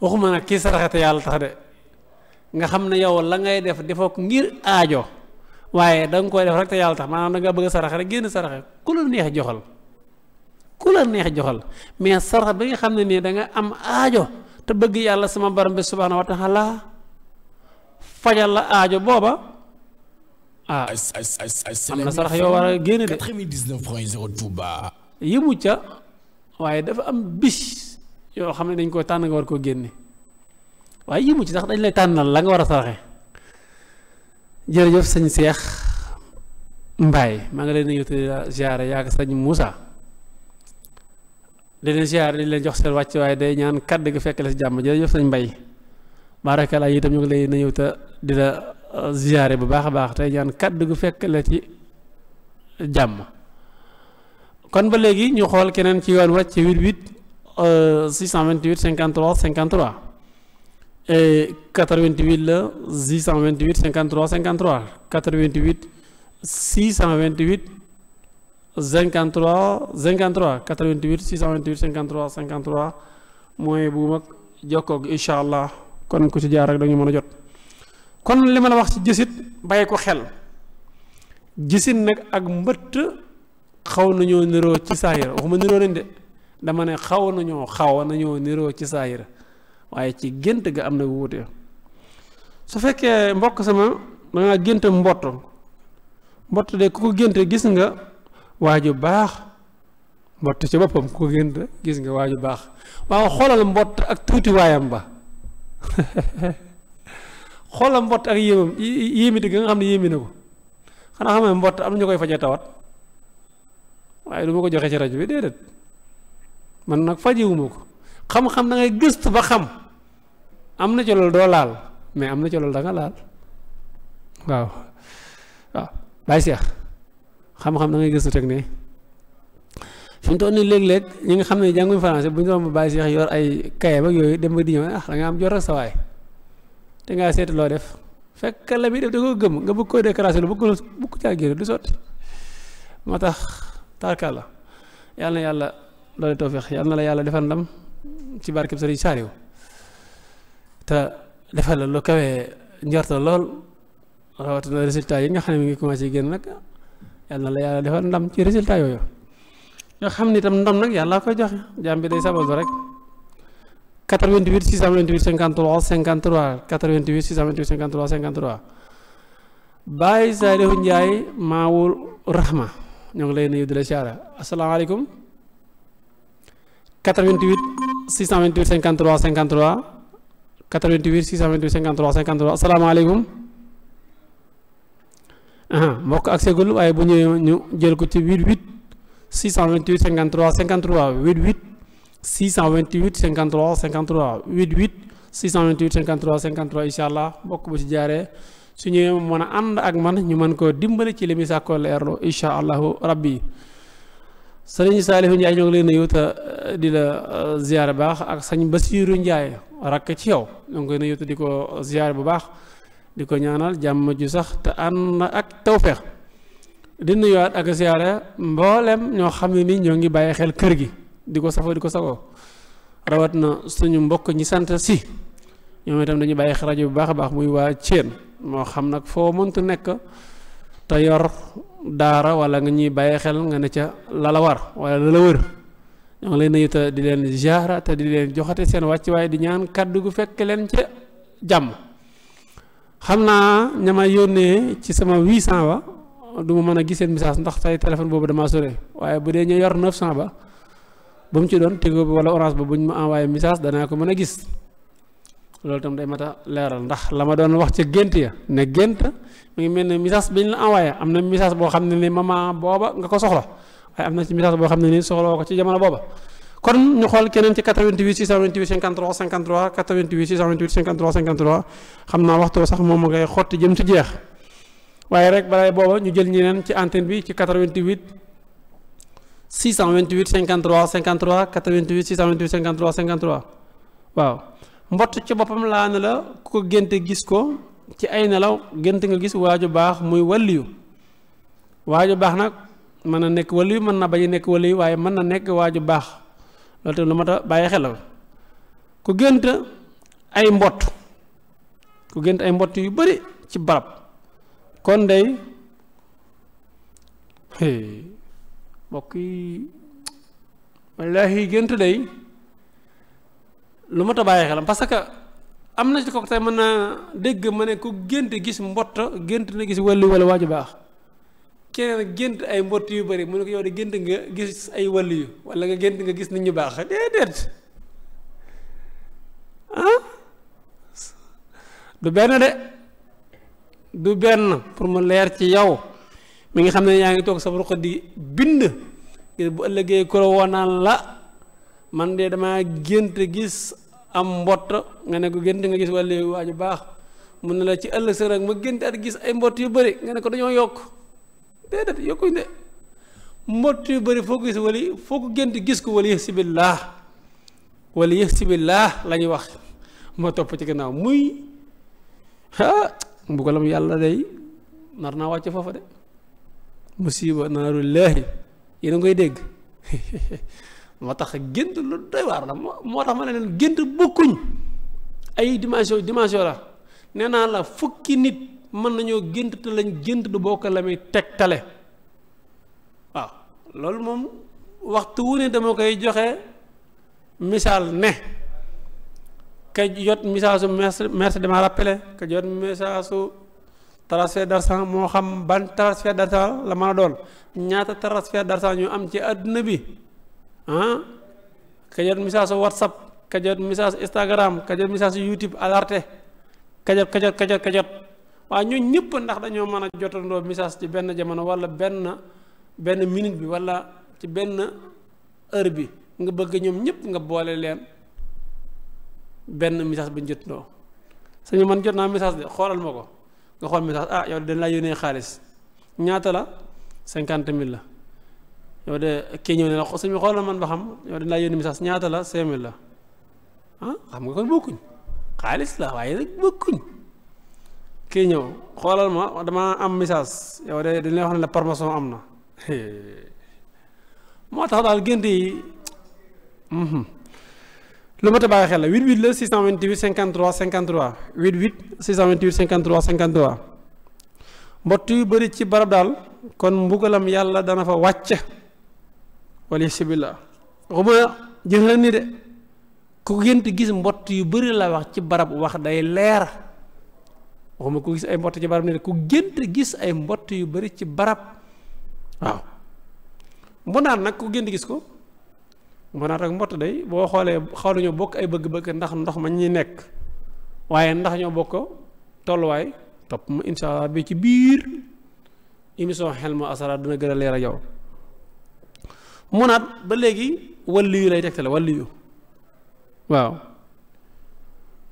waxuma nag kii saraxete yàlla tax de nga xam ne yow la ngay def defoo ko ngir aajo waaye da nga koy def rek te yàlla tax maanaam da nga bëgg a saraxe génn saraxe ku la neex joxal ku la neex joxal mais sarax bi nga xam ne nii danga am aajo te bëgg yàlla sama borom bi subhaanahu wa taala fajal la aajo booba ah am na sarax yoo war a génne de 99.0 Touba yëmu ca waaye dafa am bis yoo xam ne dañ koy tànn nga war koo génne waaye yëmu ci sax dañ lay tànnal la nga war a saraxe jërëjëf sañ Seex Mbaay maa ngi leen di nuyu ziyaare yaa ko sëñ Moussa di leen ziar jox seen wàcc waaye day ñaan kàddu gu fekk la si jàmm jërëjëf sëñ Mbay baarakala yi itam ñu ngi lay na ñëw te di la uh, ziare bu baax a baax tey ñaan kàddu gu fekk la ci jàmm kon ba léegi ñu xool keneen ci yoon wàcc 88 628 53 53 et 88 la 628 53 53 88 628 53 53 88 628 53 mooy bu mag jokkoog incha allah kon ku ci jaar rek dañu mën a jot kon li ma la wax ci jësit bàyyi ko xel jësit nag ak mbëtt xaw nañoo niroo ci saayir waxuma niroo nañ de dama ne xaw nañoo xaw nañoo niroo ci saayir waaye ci gént ga am na wuute su fekkee mbokk sama da gént mbott mbott de ku ko gént gis nga waaju baax mbott ci boppam ku gën gis nga waa waaju baax waaw xoolal mbott ak tuutiwaayam ba xoolal mbott ak yéemam yéemite ga nga xam ne yéemi na ko xanaa xam mbott am na koy faje tawat waaye du ma ko joxe ci rajo bi déedéet man nag fajewuma ko xam-xam da ngay gëstu ba xam am na ci doo laal mais am na ci loolu da laal waaw waaw bàyyi seex xam-xam da ngay gëstu teg ne fi mu toll nii léeg-léeg ñi nga xam ne jànguñu français bu ñu doon bàyyi Cheikh yor ay kaye ba yooyu dem ba di ñëw ah da am jot ak sa waay te ngaa seet loo def fekk la muy def da ko gëm nga bëgg ko déclassé lu bëgg bëgg caa génn du moo tax tarkal la yàlla na yàlla loolu tawfiq na la yàlla defal ndam ci barkeb sëriñ Saaliw te defal la lu kawee njorta lool rawatina résultat yi nga xam ne mi ngi commencé génn nag yàlla na la yàlla defal ndam ci résultat yooyu nga xam ni tam ndam nag yàlla koy joxe jàmm bi day sabablu rek 88 628 53 53 88 628 53 53 Baye Saliou Ndiaye Maawul Rahma ñoo ngi lay nuyu di la siyaara asalaamaaleykum 88 628 53 53 88 628 53 53 asalaamaaleykum. mbokk ak segul waaye bu ñëwee ñu jël ko ci 88 628 53 53 88 628 53 53 88 628 53 53 incha allah mbokk bu ci jaaree su ñëwee mu mën a ànd ak man ñu mën koo dimbali ci li muy sàkkoo leerlu incha allahu rabbi sëriñ Saalihu Njaay ñoo ngi leen nuyu te eh, di la eh, ziar baax ak sañ Basiiru Njaay rakk ci yow ñoo ngi koy nuyu di ko ziar bu baax di ko ñaanal jàmm ju sax te ànd ak tawfeex di nuyuwaat ak siyaare mboolem ñoo xam ne mi ñoo ngi bàyyi xel kër gi di ko safoo di ko sagoo rawat na suñu mbokk ñi sant si ñoom itam dañu bàyyi xel rajo bu baax a baax muy waa Thiène moo xam nag foo mëntu nekk te yor daara wala nga ñuy bàyyi xel nga ne ca la la war wala la la wër ñoo ngi lay nuyu te di leen jaara te di leen joxate seen wàcc waaye di ñaan kàddu gu fekk leen ca jàmm xam naa ña ma yónnee ci sama cent ba du ma mën a gis seen message ndax tey téléphone boobu damaa sore waaye bu dee ñu yor 900 ba ba mu ci doon Tigo ba wala Orange ba bu ñu ma envoyé message danaa ko mën gis loolu itam day mat a leeral ndax la ma doon wax ca gént ya ne gént mu ngi mel ne message bi ñu la am na missage boo xam ne ni ma maa booba nga ko soxla waaye am na ci message boo xam ne ni soxla ko ci jamono booba kon ñu xool keneen ci 88 628 53 53 88 628 xam naa waxtoo sax moom ngay xotti jëm ci jeex waaye rek balay booba ñu jël ñeneen ci antenne bi ci 88 628 53 53 88 628 53 53 waaw mbott ci boppam laa ne la ku ko génte gis ko ci ay nelaw gént nga gis waaju baax muy waliyu waaju baax nag mën na nekk waliyu mën na bañ a nekk waliyu waaye mën na nekk waaju baax loolu tamit lu mat a bàyyi xelal ku gént ay mbott ku gént ay mbott yu bari ci barab kon day mbokk yi wallaahi gént day lu mat a bàyyi xelam parce que am na ci ko tey man naa dégg ma ne ku gént gis mbott gént na gis wàllu waa ji baax keneen nag gént ay mbott yu bari mu ne ko yow de gént nga gis ay wàll yu wala nga gént nga gis nit ñu baax déedéet ah du benn de du benn pour mu leer ci yow mu ngi xam ne yaa ngi toog sa ruq di bind ngir bu ëllëgee koro la man de dama gént gis am mbott nga ne ko gént nga gis wàll yu waa ju baax mun na la ci ëll sa rek ma gént at gis ay mbott yu bari nga ne ko dañoo yokk déedéet yokkuñ de mbott yu bëri foo ko gis wali foo ko gént gis ko wali yëxsibillah wala yëxsibillah la ñuy wax moo topp ci gannaaw muy ah mbugalam yàlla day nar naa wàcc foofa de musiba naaru laahi yéen a koy dégg moo tax gént lu doy waar la moo tax ma leen gént bokkuñ ay dimension dimension la nee naa la fukki nit mën nañoo gént te lañ gént du bokk la muy tegtale waaw loolu moom waxtu wu ne dama koy joxe misaal ne ka jot message su merci dama rappelé ka jot message moo xam ban transfert d'argent la mën a doon ñaata transfert d'argent ñu am ci àdduna bi ah ka jot message su whatsapp ka jot message instagram ka jot youtube alerte ka jot ka waa ñooñ ñëpp ndax dañoo mën a jotandoo message ci benn jamono walla benn benn minute bi walla ci benn heure bi nga bëgg ñoom ñëpp nga boole leen benn message bañ jotandoo sañu man jot naa message de xoolal ma ko nga xool message ah yow de dañ laa yónnee xaalis ñaata la cinquante mille la yow de kii ñëw ne la suñu xoolal man ba xam yow dañ laa yónnee message ñaata la cinq mille la ah xam nga kon bokkuñ xaalis la waaye nag kii ñëw xoolal ma dama am missage yow de dañ wax ne la promotion am na moo tax daal gént yi mhm. lu ma ta bàyyi xel la 88 la 628 53 53 88 628 53 53 mbott yu bëri ci barab daal kon mbugalam yàlla dana fa wàcc wala sibila waxuma jël ni de ku gént gis mbott yu bëri la wax ci barab wax day leer waxuma ku gis ay mbott ci barab ne ku gént gis ay mbott yu bari ci barab waaw mbonaat nag ku gént gis ko mbonaat ak mbott day boo xoolee xawlu ñoo bokk ay bëgg-bëgg ndax ndox ma ñu nekk waaye ndax ñoo bokk tolluwaay topp ma insha allah bi ci biir émission xel mu asara dina gën a leer ak yow munaat ba léegi walliyu lay tegtale walliyu waaw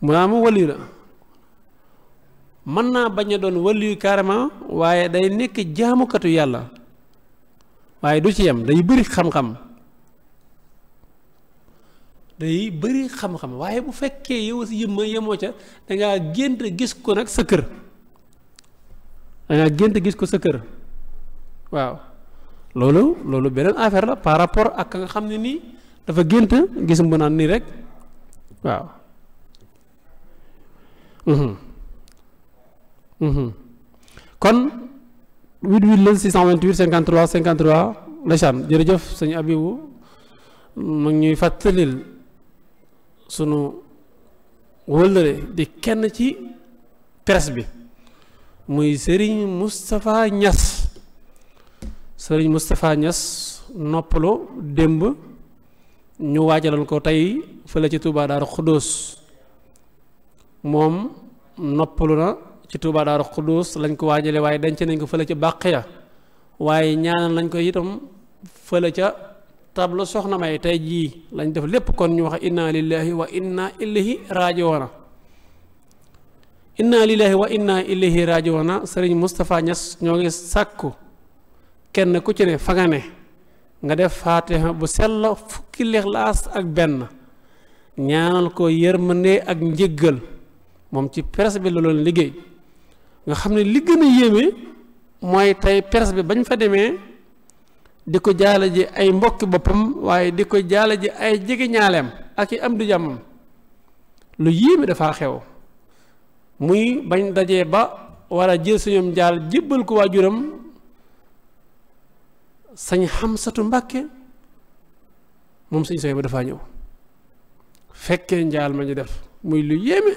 munaa moom walliyu la mën naa bañ a doon waliyu carrément waaye day nekk jaamukatu yàlla waaye du ci yem day bëri xam-xam day bëri xam-xam waaye bu fekkee yow si yëmma yemoo ca dangaa gént gis ko nag sa kër dangaa gént gis ko sa kër waaw loolu loolu beneen affaire la par rapport ak nga xam ne nii dafa gént gis mu naan nii rek waaw mhm. Mhm. kon 88 la 628 53 53 ndeysaan jërëjëf sëñ Abibu mu ñuy fàttalil sunu wëllëre di kenn ci presse bi muy sëriñ Moustapha Niass Serigne Moustapha Niass noppalu démb ñu waajalal ko tey fële ci Touba Daaru Xudóos moom noppalu na ci Touba Daaru Xuddus lañ ko waajale waaye denc nañ ko fële ca Bàqiya waaye ñaanal nañ ko itam fële ca table soxna may tey jii lañ def lépp kon ñu wax inna lillahi wa inna ilayhi raajiwoona inna sëriñ Moustapha Niass ñoo ngi sàkku kenn ku ci ne fa nga ne nga def faatiha bu sell fukki lixlaas ak benn ñaanal ko yërmande ak njëggal moom ci presse bi la liggéey nga xam ne li gën a yéeme mooy tey presse bi bañ fa demee di ko jaal ji ay mbokki boppam waaye di ko jaale ji ay jegeñaaleem ak i am du jàmmam lu yéeme dafa xew muy bañ dajee ba war a jël suñum jaal jébbal ko waajuram sañ xamsatu mbàkke moom sañ sooy ba dafaa ñëw fekkee njaal ma ñu def muy lu yéeme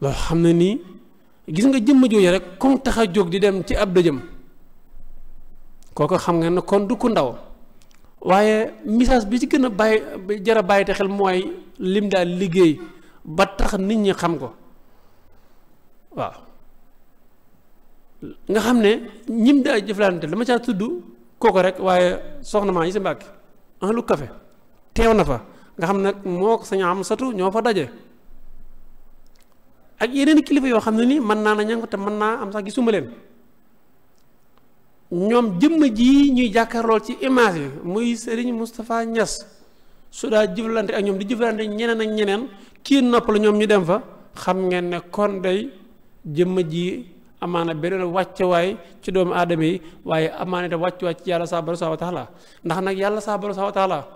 loolu xam na nii gis nga jëmm jooju rek comme tax a jóg di dem ci ab dëjëm kooku xam nga ne kon du ndaw waaye message bi ci gën a bàyyi jara bàyyi te xel mooy lim daal liggéey ba tax nit ñi xam ko waaw nga xam ne ñim daa jëflante dama caa tudd kooku rek waaye soxna maa yi si mbàkk en kafe teew na fa nga xam nag moo ko am satu ñoo fa daje ak yeneen kilifa yoo xam ne ni mën naa na ñangu te mën naa am sax gisuma leen ñoom jëmm ji ñuy jàkkaarlool ci image yi muy Serigne Moustapha Niass su daa jëflante ak ñoom di jëflante ñeneen ak ñeneen kii la ñoom ñu dem fa xam ngeen ne kon day jëmm ji amaana beneen wàccuwaay ci doomu aadama yi waaye amaana te wàcc ci yàlla saabaro sa wa taala ndax nag yàlla saabaro sa wa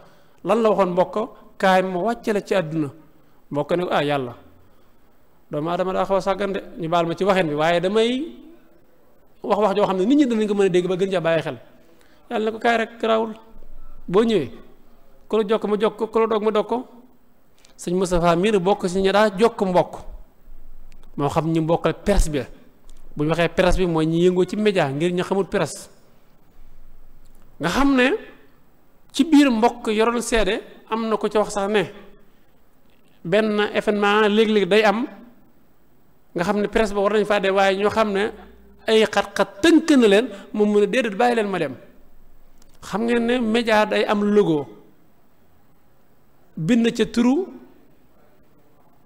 lan la waxoon mbokk kaay ma wàcce la ci àdduna mbokk ne ko ah, doomu aadama daa xaw a sàggante ñu baal ma ci waxin bi waaye damay wax wax joo xam ne nit ñi danañ ko mën a dégg ba gën caa bàyyi xel yàlla ko kaay rek garaawul boo ñëwee ku la jokk ma jokk ko ku la dog ma dog ko sëñ Moustapha mii na bokk si ñi daa jokk mbokk moo xam ñu mbokkal presse bi bu ñu waxee presse bi mooy ñi yëngoo ci média ngir ñu xamul presse nga xam ne ci biir mbokk yoroon seede am na ko ci wax sax ne benn événement léeg-léeg day am nga xam ne presse ba war nañ faa dee waaye ñoo xam ne ay xat-xat tënk na leen moom mu ne déedéet bàyyi leen ma dem xam nga ne média day am logo bind ca turu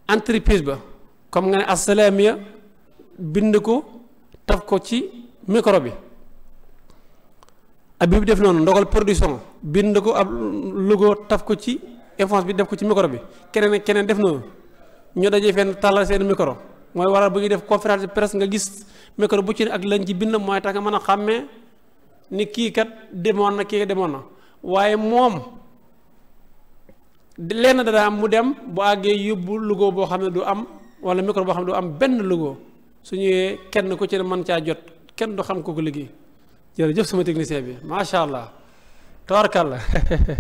entreprise ba comme nga ne asalaamiya bind ko taf ko ci micro bi ab bi def noonu ndogal production bind ko ab logo taf ko ci influence bi def ko ci micro bi keneen keneen def noonu ñoo dajee fenn tàllal seen micro mooy waral bu ñuy def conférence de presse nga gis micro bu ci ak lañ ci bind mooy tax nga mën a xàmmee ni kii kat demoon na kii demoon na waaye moom lenn am mu dem bu àggee yóbbu logo boo xam ne du am wala micro boo xam ne du am benn logo su ñëwee kenn ku ci mën caa jot kenn du xam ko liggéey liggéey jërëjëf sama technicien bi macha allah tabarkàlla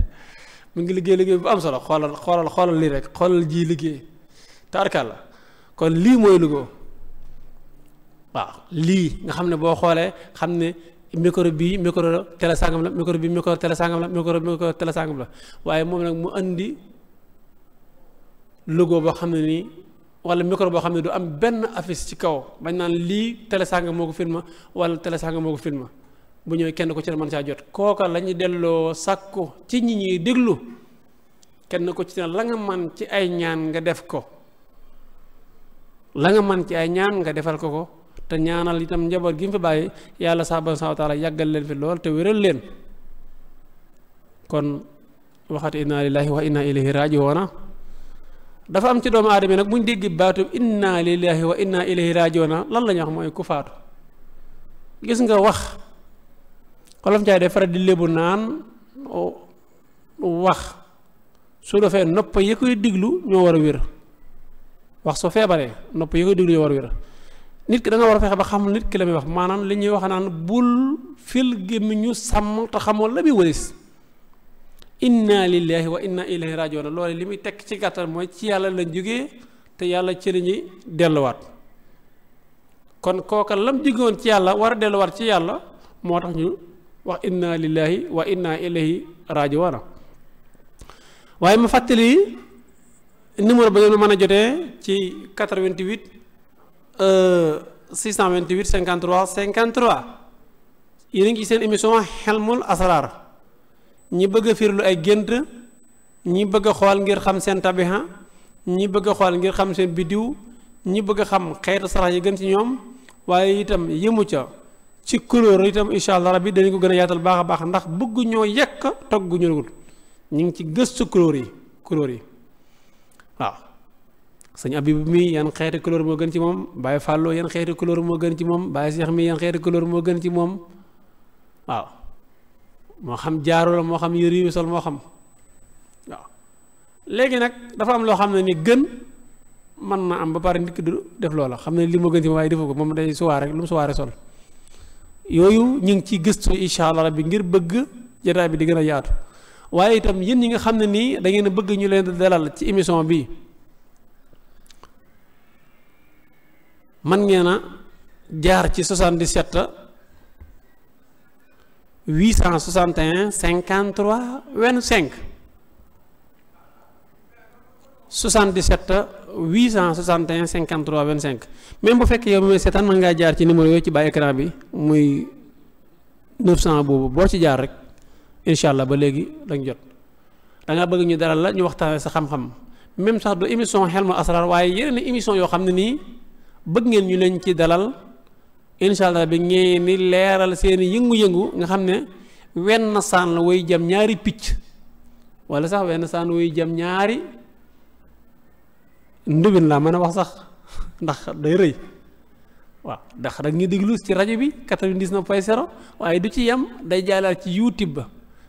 mu ngi liggéey liggéey bu am solo xoolal xoolal xoolal lii rek xoolal ji liggéey tabarkàlla kon lii mooy Louga waaw lii nga xam ne boo xoolee xam ne micro bii micro télé sangam la micro bii micro télé la micro micro télé la waaye moom nag mu andi logo boo xam ne nii wala micro boo xam ne du am benn affiche ci kaw bañ naan lii télé sangam moo ko filma wala télé sangam moo ko filma bu ñëwee kenn ko ci ne mën saa jot kooka la ñuy delloo sàkku ci ñi ñuy déglu kenn ko ci ne la nga man ci ay ñaan nga def ko la nga mën ci ay ñaan nga defal ko ko te ñaanal itam njaboot gi mu fi bàyyi yàlla sax ba saa taala yàggal leen fi lool te wéral leen kon waxat inna naa wa inna ilayhi raajiwoona dafa am ci doomu aadama nag bu dégg baatu inna lillahi wa inna lan la ñu wax mooy ku faatu gis nga wax xolof njaay def di lébu naan oh, wax su defee nopp yi koy diglu ñoo war a wér wax soo feebaree nopp yi koy déglu war wér nit ki da war a fexe ba xamul nit ki la muy wax maanaam li ñuy wax naan bul fil gémmiñu sàmm te xamoo la muy wëlis inna lillahi wa inna ilayhi rajiun loole li muy tekk ci gàttal mooy ci yàlla lañ jógee te yàlla ci la ñuy delluwaat kon kooka lam jógewoon ci yàlla war a delluwaat ci yàlla moo tax ñu wax inna lillahi wa inna ilayhi rajiun waaye ma fàttali numéro ba ngeen mën a jotee ci 88 628 53 53 yéen a ngi seen émission xelmul asraar ñi bëgg a firlu ay gént ñi bëgg a xool ngir xam seen tabiha ñi bëgg xool ngir xam seen biddiw ñi bëgg xam xeetu sarax yi gën ci ñoom waaye itam yëmu ca ci couleur itam incha allah rabbi dañu ko gën a yaatal baax a baax ndax bëgguñoo ñoo yekk togg ñu ñu ngi ci gëstu couleur yi couleur yi. waaw sëñ Abibu mi yan xeeti couleur moo gën ci moom Baye Fallou yan xeeti couleur moo gën ci moom Baye Cheikh mi yan xeeti couleur moo gën ci moom waaw moo xam jaaroo la moo xam yëre yu sol moo xam waaw nag dafa am loo xam ne ni gën mën na am ba pare nit du def loola xam ne li moo gën ci moom waaye defu ko moom day suwaare rek lu mu suwaare sol yooyu ñu ngi ci gëstu incha bi ngir bëgg jotaay bi di gën a yaatu waaye itam yéen ñi nga xam ne nii da ngeen a bëgg ñu leen dalal ci émission bi man ngeen a jaar ci 77 861 53 25 77 861 53 25 même bu fekkee yow mi seetaan mën ngaa jaar ci numéro yooyu ci bàyyi écran bi muy 900 boobu boo ci jaar rek. incha allah ba léegi dañ jot da bëgg ñu daral la ñu waxtaanee sa xam-xam même sax du émission xel Hilmul Asrar waaye yeneen émission yoo xam ne nii bëgg ngeen ñu leen ci dalal incha allah bi ngeen ni leeral seeni yëngu-yëngu nga xam ne wenn saan la woy jam ñaari picc wala sax wenn saan woy jam ñaari ndubin laa mën a wax sax ndax day rëy waaw ndax rek ñu déglu ci rajo bi 99 point sero waaye du ci yem day jàllal ci YouTube ba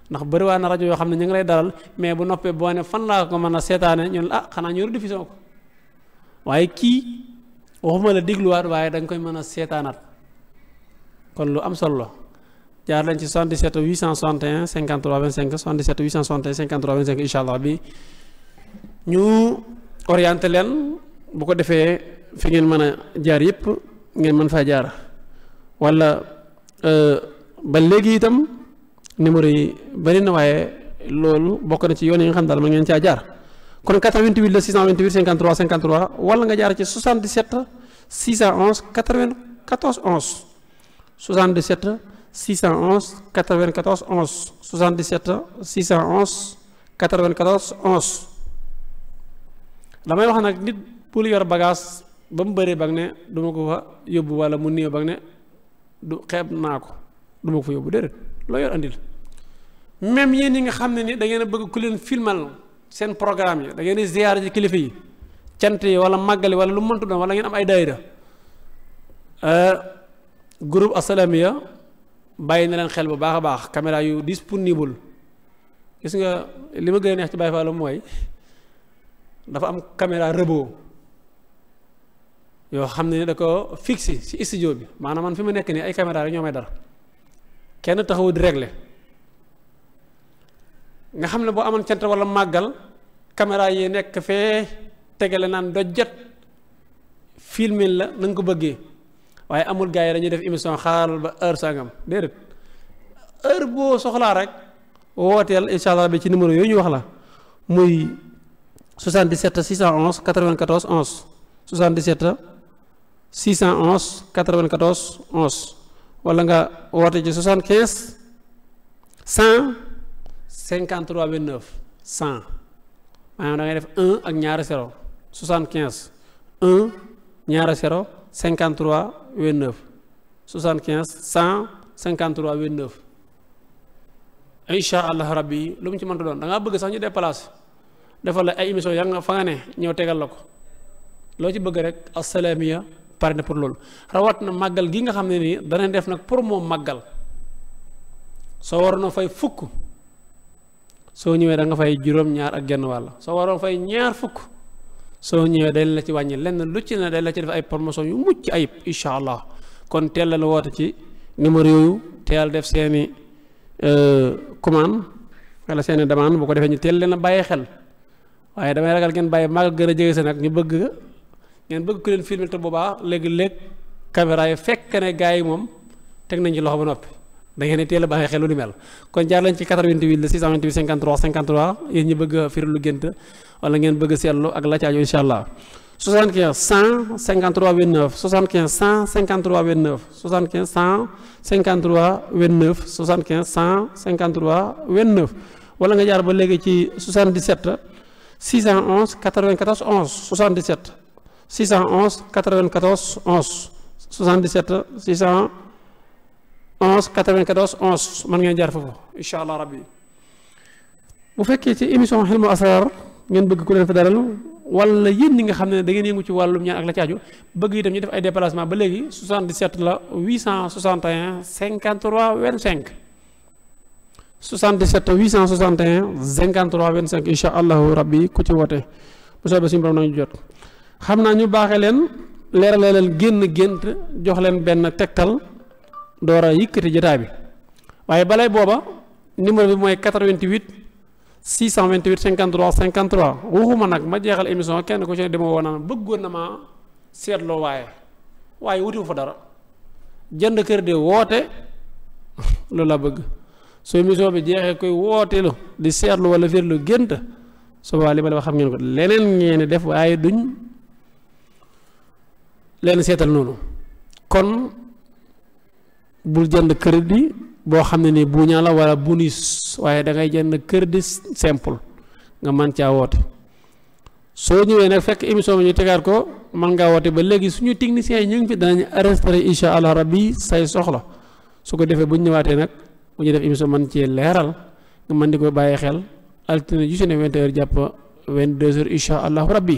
ndax bëriwaa na rajo yoo xam ne ñu ngi lay daral mais bu noppee boo ne fan laa ko mën a seetaane ñu ne ah xanaa ñu rediffusion ko waaye kii waxuma la dégluwaat waaye da nga koy mën a seetaanaat kon lu am solo jaar leen ci 77 861 53 25 77 861 53 25 incha allah bi ñu orienté leen bu ko defee fi ngeen mën a jaar yëpp ngeen mën faa jaar wala euh, ba léegi itam. numéro yi bëri na waaye loolu bokk na ci yoon yi nga xam daal mën ngeen caa jaar kon 88 la 628 wala nga jaar ci 77 611 94 11 77 611 94 11 77 611 94 11 damay wax nag nit pour yor bagage ba mu bëree bag ne duma ko fa yóbbu wala mu néew bag ne du xeeb naa ko du ko fa yóbbu déedéet loo yor andil même yéen yi nga xam ne ni da ngeen a bëgg ku leen filmal seen programme yi dangeen ngeen di ziyaar ci kilifa yi cant yi wala màggali wala lu mu mëntu doon wala ngeen am ay daayira euh, group Assalaamy bàyyi na leen xel bu baax a baax caméra yu disponible gis nga li ma gën a neex ci Baye Fall mooy dafa am caméra rëboo yoo xam ne da ko fixé ci studio bi maanaam man fi ma nekk nii ay caméra rek ñoo may dara. kenn taxawu di régler nga xam ne boo amoon cant wala màggal caméra yi nekk fee tegale naan dojjat filmer la na ko bëggee waaye amul gars yi dañuy def émission xaaral ba heure sangam déedéet heure boo soxlaa rek wooteel incha allah bi ci numéro yooyu ñu wax la muy 77 611 94 11 77 611 94 11. wala nga woote ci 75 100 53 29 100 maanaam da ngay def 1 ak ñaari 0 75 1 ñaari 0 53 29 75 100 53 29 incha allah rabbi lu mu ci mënta doon da ngaa bëgg sax ñu déplacé defal la ay émission yaa nga fa nga ne ñëw tegal la ko loo ci bëgg rek asalaamiya pare na pour loolu rawat na màggal gi nga xam ne nii danañ def nag pour moom màggal soo waroon a fay fukk soo ñëwee da nga fay juróom-ñaar ak genn wàlla soo waroon fay ñaar fukk soo ñëwee dañ la ci wàññi lenn lu ci ne dañ la ci def ay promotion yu mucc ayib incha allah kon teel la woote ci numéro yooyu teel def seeni euh, commande wala seeni demande boo ko defee ñu teel leen a bàyyi xel waaye damay ragal ngeen bàyyi màggal gën a jege si nag ñu bëgg ngeen bëgg ku leen filmer te boobaa léegi-léeg caméra yi fekk ne gars yi moom teg nañ ci loxo ba noppi da ngeen di teel a baaxee lu ni mel kon jaar lañ ci 88 la 628 53 53 yéen ñi bëgg a firi lu gént wala ngeen bëgg a seetlu ak la caaju incha allah 75 153 29 75 153 29 75 153 29 75 153 29 wala nga jaar ba léegi ci 77 611 94 11 77. 611 94 11 77 611 94 11 mën ngeen jaar foofu incha allah rabbi bu fekkee ci émission xilmu asrar ngeen bëgg ku leen fa dalal wala yéen ñi nga xam ne da ngeen yëngu ci wàllum ñaan ak la caaju bëgg itam ñu def ay déplacement ba léegi 77 la 861 53 25 77 861 53 25 incha allahu rabbi ku ci woote bu soobee suñu borom nañu jot xam naa ñu baaxe leen leerale leen génn gént jox leen benn tegtal door a yëkkati jotaay bi waaye balay booba numéro bi mooy 88 628 53 53 waxuma nag ma jeexal émission kenn ku ci ne dama woo naan na maa seetloo waaye waaye wutiwu fa dara jënd kër woote loolu laa bëgg soo émission bi jeexee koy wooteelu di seetlu wala firlu gént su boobaa li ma la wax xam ngeen ko leneen ngeen def waaye duñ. leen seetal noonu kon bul jënd crédit boo xam ne ni buña la wala bonus waaye da ngay jënd crédit simple nga mën caa woote soo ñëwee nag fekk émission bi ñu tegaat ko mën ngaa woote ba léegi suñu techniciens yi ñu ngi fi danañu arrêté incha allah rabbi say soxla su ko defee bu ñu ñëwaatee nag bu ñu def émission mën cee leeral nga mën di ko bàyyi xel altine ju si ne 20 heures jàpp 22 heures incha allah rabbi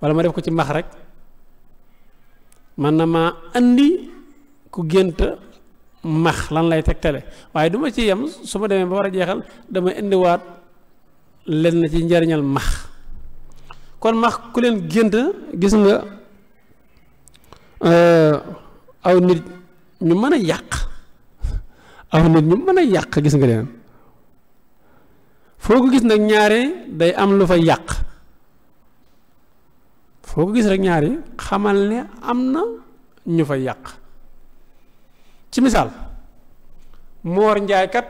wala ma def ko ci max rek man na maa andi ku gént max lan lay tegtale waaye duma ci yem su ma demee ba war a jeexal dama indiwaat len na ci njariñal max kon max ku leen gént gis nga euh, aw nit ñu mën a yàq aw nit ñu mën a yàq gis nga leen foo ko gis nag ñaare day am lu fa yàq foo ko gis rek ñaar xamal ne am na ñu fa yàq ci misaal moor njaay kat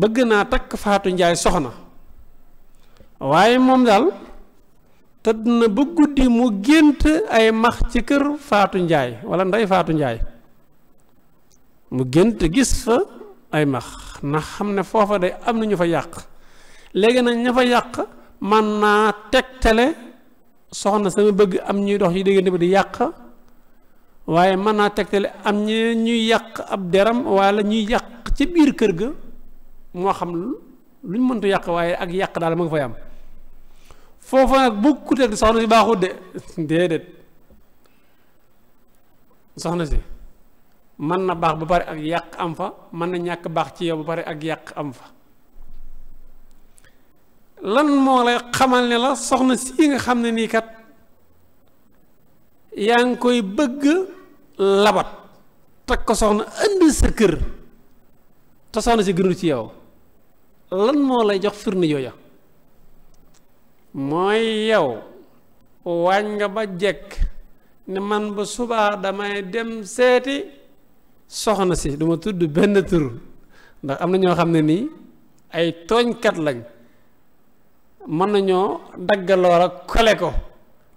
bëgg naa takk faatu njaay soxna waaye moom daal tëdd na ba guddi mu gént ay max ci kër faatu njaay wala ndey faatu njaay mu gént gis fa ay max na xam ne foofa de am na ñu fa yàq léegi nag ña fa yàq man naa tegtale soxna sama bëgg am ñuy dox ci diggante bi di yàq waaye mën naa tegtale am ñee ñuy yàq ab deram wala ñuy yàq ci biir kër ga moo xam luñ mëntu yàq waaye ak yàq daal ma nga fay am foofa nag bu ku teg soxna si baaxut de déedéet soxna si mën na baax ba pare ak yàq am fa mën na ñàkk baax ci yow ba pare ak yàq am fa lan moo lay xamal ne la soxna sii nga xam ne nii kat yaa ngi koy bëgg labat takk ko soxna indi sa kër te soxna si gënul ci yow lan moo lay jox firnde yooya mooy yow waañ nga ba jekk ne man ba subaa damay dem seeti soxna si duma tudd benn tur ndax am na ñoo xam ne nii ay tooñkat lañ mën nañoo daggaloo ak kole ko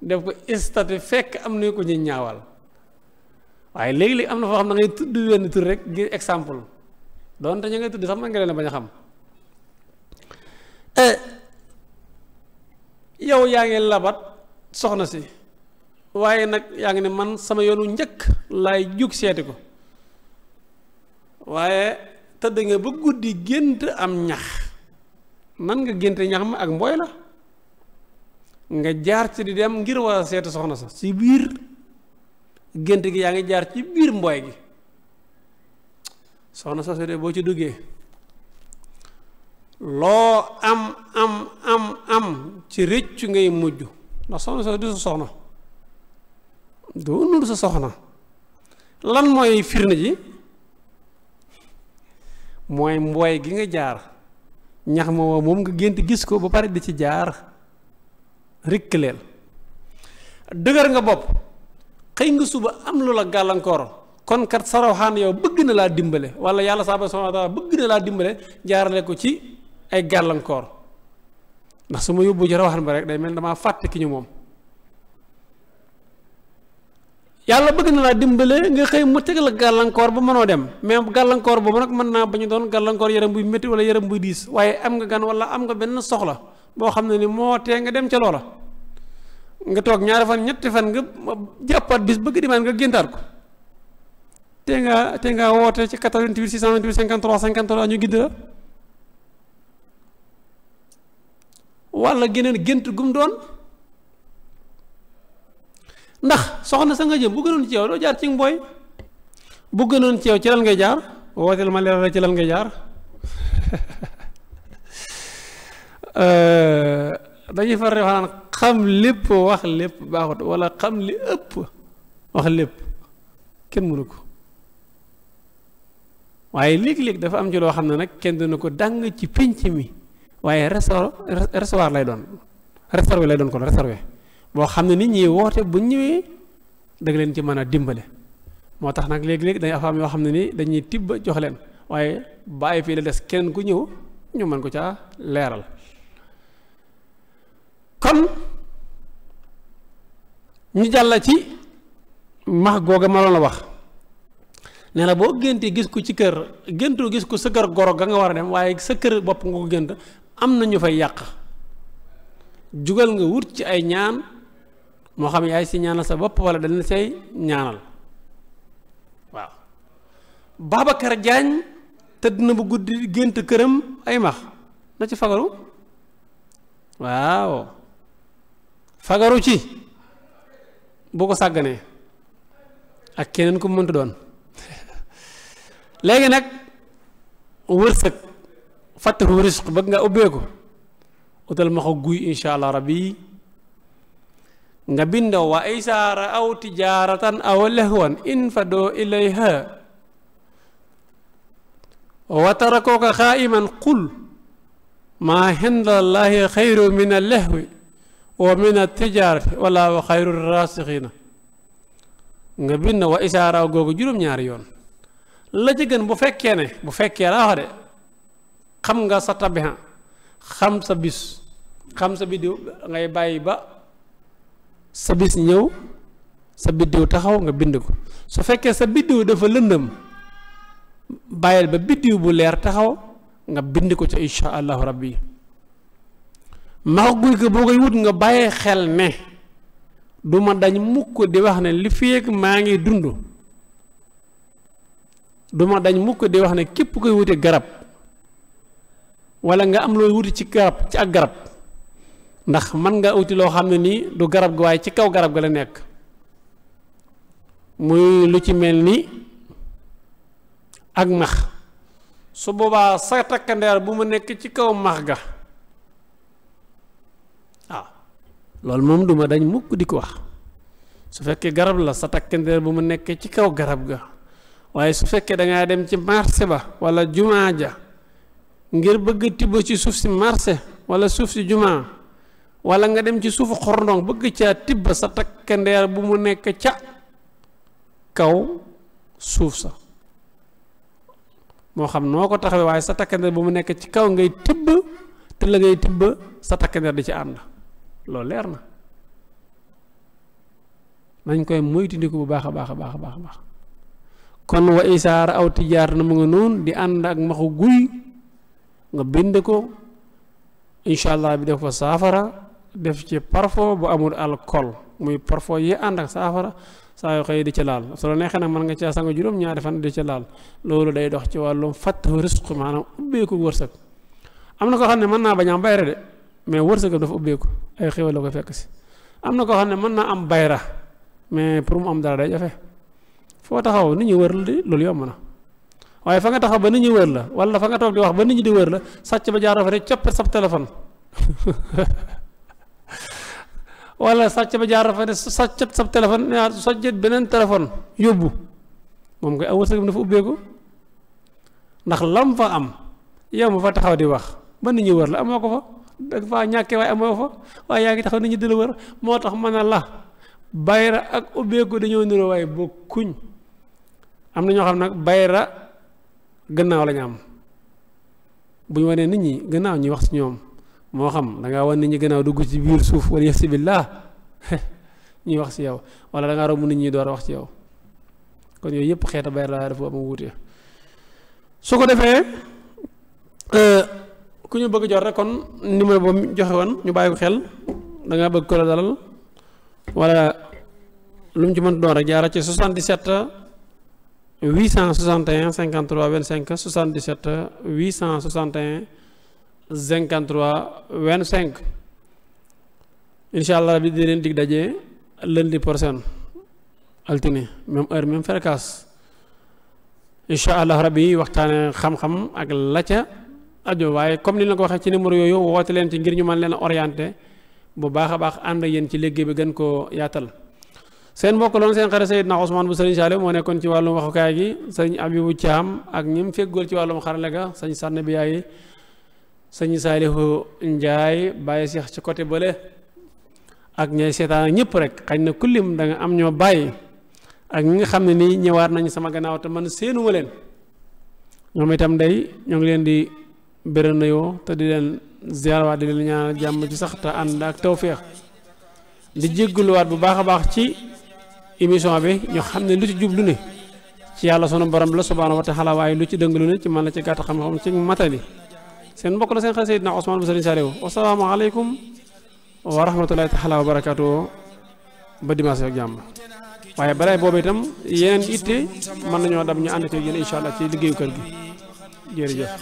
def ko istati fekk am na ko ñuy ñaawal waaye léegi-léegi am na foo xam ne ngay tudd wenn tur rek ngir exemple doonte ñu ngay tudd sax mën nga leen bañ a xam eh, yow yaa ngi labat soxna si waaye nag yaa ngi ne man sama yoonu njëkk laay jug seeti ko waaye tëdd nga ba guddi gént am ñax man nga génte ñax ak mbooy la nga jaar ci di dem ngir war a seetu soxna sa si biir gént gi yaa ngi jaar ci biir mbooy gi soxna sa boo ci duggee loo am am am am ci rëccu ngay mujj ndax soxna sa du sa soxna doo nuru sa soxna lan mooy firnde ji mooy mbooy gi nga jaar ñax ma woo moom nga gént gis ko ba pare di ci jaar rikk leel dëgër nga bopp xëy nga suba am lu la gàllankoor kon kat sa rawxaan yow bëgg na laa dimbale wala yàlla saa ba subhaanahu wa bëgg na laa dimbale jaarale ko ci ay gàllankoor ndax su ma yóbbu ci rawxaan ba rek day mel damaa fàtte ki ñu moom yàlla bëgg na laa dimbale nga xëy mu tegal gàllankoor ba mënoo dem mais gàllankoor boobu nag mën naa ba ñu doon gàllankoor yaram buy métti wala yaram buy diis waaye am nga gan wala am nga benn soxla boo xam ne ni moo tee nga dem ca loola nga toog ñaari fan ñetti fan nga jàppaat bis bëgg dimaan nga géntaat ko te nga te nga woote ci 88 628 53 53 ñu gidd la wala geneen gént gum doon ndax soxna sa nga jëm bu gënoon ci yow doo jaar ci mbooy bu gënoon ci yow ci lan ngay jaar wooteel ma leeral ci lan ngay jaar euh, dañuy far wax xam lépp wax lépp baaxut wala xam li ëpp wax lépp kenn mënu ko waaye léeg-léeg dafa am ci xam ne nag kenn dina ko dàng ci pénc mi waaye restaur restaurant lay doon restauré lay doon kon restauré boo xam ne nit ñi woote bu ñëwee da leen ci mën a dimbale moo tax nag léegi-léegi dañuy am yoo xam ne ni dañuy tibb jox leen waaye bàyyi fii la des keneen ku ñëw ñu mën ko caa leeral kon ñu jàll ci max googa ma loon wax nee na boo géntee gis ko ci kër géntoo gis ko sa kër goro ga nga war a dem waaye sa kër bopp nga ko gént am na ñu fay yàq jugal nga wut ci ay ñaan moo xam yaay si ñaanal sa bopp wala dañ say ñaanal waaw Babacar Diagne tëdd na bu guddi gént këram ay max na ci fagaru waaw fagaru ci boo ko sàgganee ak keneen ku mu mënta doon léegi nag wërsëg fattahu risq bëgg nga ubbeeku utal ma ko guy insha allah rabbi nga binda wa isaara aw tijaaratan aw lehwan in fadoo ilayha wa tarakoka xaa'iman qul maa hinda llaahi xayru min allehwi wa min attijaarati wallaahu xayru raasixiina nga bind wa isaara googu juróom-ñaari yoon la ci bu fekkee ne bu fekkee laa xam nga sa tabiha xam sa bis xam sa biddiw ngay bàyyi ba sa bis ñëw sa biddiw taxaw nga bind ko su fekkee sa biddiw dafa lëndëm bàyyil ba biddiw bu leer taxaw nga bind ko ca insha allahu rabbi max guy ko boo koy wut nga bàyyee xel ne du ma dañ mukk di wax ne li feeg maa ngi dund du dañ mukk di wax ne képp koy wuti garab wala nga am loolu wuti ci garab ci ak garab ndax man nga wuti loo xam ne nii du garab gi waaye ci kaw garab ga la nekk muy lu ci mel nii ak max su boobaa sa takkandeer bu mu nekk ci kaw max ga loolu moom duma dañ di ko wax su fekkee garab la sa takkandeer bu mu nekkee ci kaw garab ga waaye su fekkee dangaa dem ci marché ba wala jumaa ja ngir bëgg tibb ci suuf si marché wala suuf si jumaa wala nga dem ci suufu xorndong bëgg caa tibb sa takkandeer bu mu nekk ca kaw suuf sa moo xam noo ko taxawee waaye sa takkandeer bu mu nekk ci kaw ngay tëbba te la ngay tibb sa takkandeer di ci ànd loo leer na nañ koy moytandiku bu baax a baax a baax a baax baax kon wa isaara aw tijaar na mu nga noonu di ànd ak maxu guy nga bind ko incha bi def ko saafara def ci parfum bu amul alcool muy parfum yi ànd ak saafara saa yoo xëy di ci laal su la neexee nag mën nga caa sangu juróom ñaari fan di ci laal loolu day dox ci wàllum fàttu risque maanaam ubbeeku wërsëg am na koo xam ne mën naa bañ am bayra de mais wërsëgam dafa ubbeeku ay xéwal la ko fekk si am na koo xam ne mën naa am bayra mais pour mu am dara day jafe foo taxaw nit ñi wër la di loolu yomb na waaye fa nga taxaw ba nit ñi wër la wala fa nga toog di wax ba nit ñi di wër la sàcc ba jaaroo fa rek coppet sab téléphone wala sàcc ba jaar fa ne sàccat sab téléphone ñaar ah, sàccat beneen téléphone yóbbu moom koy aw wërsëgam dafa ubbeeku ndax lam fa am yow ma fa taxaw di wax ba nit ñi wër la amoo ko fa dag faa ñàkkee waaye yaa ngi taxaw nit ñi di la wër moo tax mën a la bayra ak ubbeeku dañoo niroo waaye kuñ am na ñoo xam nag bayra gannaaw lañu am bu ñu wanee nit ñi gannaaw ñuy wax si ñoom moo xam da ngaa wan nit ñi gannaaw dugg ci biir suuf wala yafsi billah ñuy wax ci yow wala da ngaa romb nit ñi door wax ci yow kon yooyu yëpp xeeta bayra la dafa am wuute su ko defee euh, ku ñu bëgg jot rek kon numéro ba joxe woon ñu bàyyi ko xel da ngaa bëgg ko la dalal wala lu mu ci mën doon rek jaara ci 77 861 53 25 77 861 53 25 incha allah rabbi di leen dig daje lundi prochain altine même heure même fréquence incha allah rabbi waxtaane xam-xam ak la ca ajo waaye comme ni la ko waxee ci numéro yooyu woote leen ci ngir ñu man leen a orienté bu baax a baax ànd ak yéen ci liggéey bi gën koo yaatal seen mbokk loon seen xarit Seydina Ousmane bu Serigne Saliou moo nekkoon ci wàllum waxukaay gi sëñ Abibou Thiam ak ñim feggool ci wàllum xarale ga sëñ sànn bi yaay sëñ Saalihu Njaay bàyyi seex ci côté bële ak ñay seetaan ak ñëpp rek xañ na kullim danga am ñoo bàyyi ak ñi nga xam ne nii ñëwaat nañu sama gannaaw te man séenuma leen ñoom itam day ñoo ngi leen di bëre nuyoo te di leen ziarwaat di leen ñaanal jàmm ci sax te ànd ak tawféex di jégguluwaat bu baax a baax ci émission bi ñoo xam ne lu ci jublu ne ci yàlla sunu borom la subhaanahu wa taala waaye lu ci dëngalu ne ci mën la ci gàtt xam-xam ci matali seen mbokk la seen xarit Seydina Ousmane bu sa Saliou wasalaamaaleykum wa rahmatulahi taala wa barakaatu ba dimanche ak jàmm waaye balay boobu itam yeneen itte mën nañoo dam ñu ànd ak yéen incha allah ci liggéeyu kër gi jërëjëf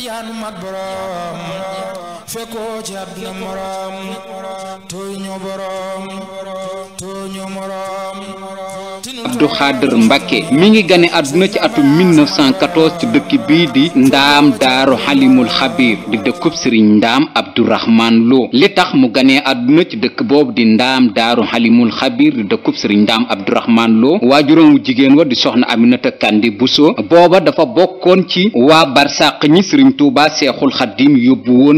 yaa nu mi ngi gane àdduna ci atum 1914 ci dëkk bii di ndaam daaru xalimul xabir di dëkkub sëriñ ndaam Abdourahman Lo li tax mu ganee àdduna ci dëkk boobu di ndaam daaru xalimul xabir di dëkkub sëriñ ndaam Abdourahman Lo waajuram wu jigéen wa di soxna Aminata Kandi Bousso booba dafa bokk kon ci waa barsàq ñi sëriñ tuuba seexul xaddim yóbbu woon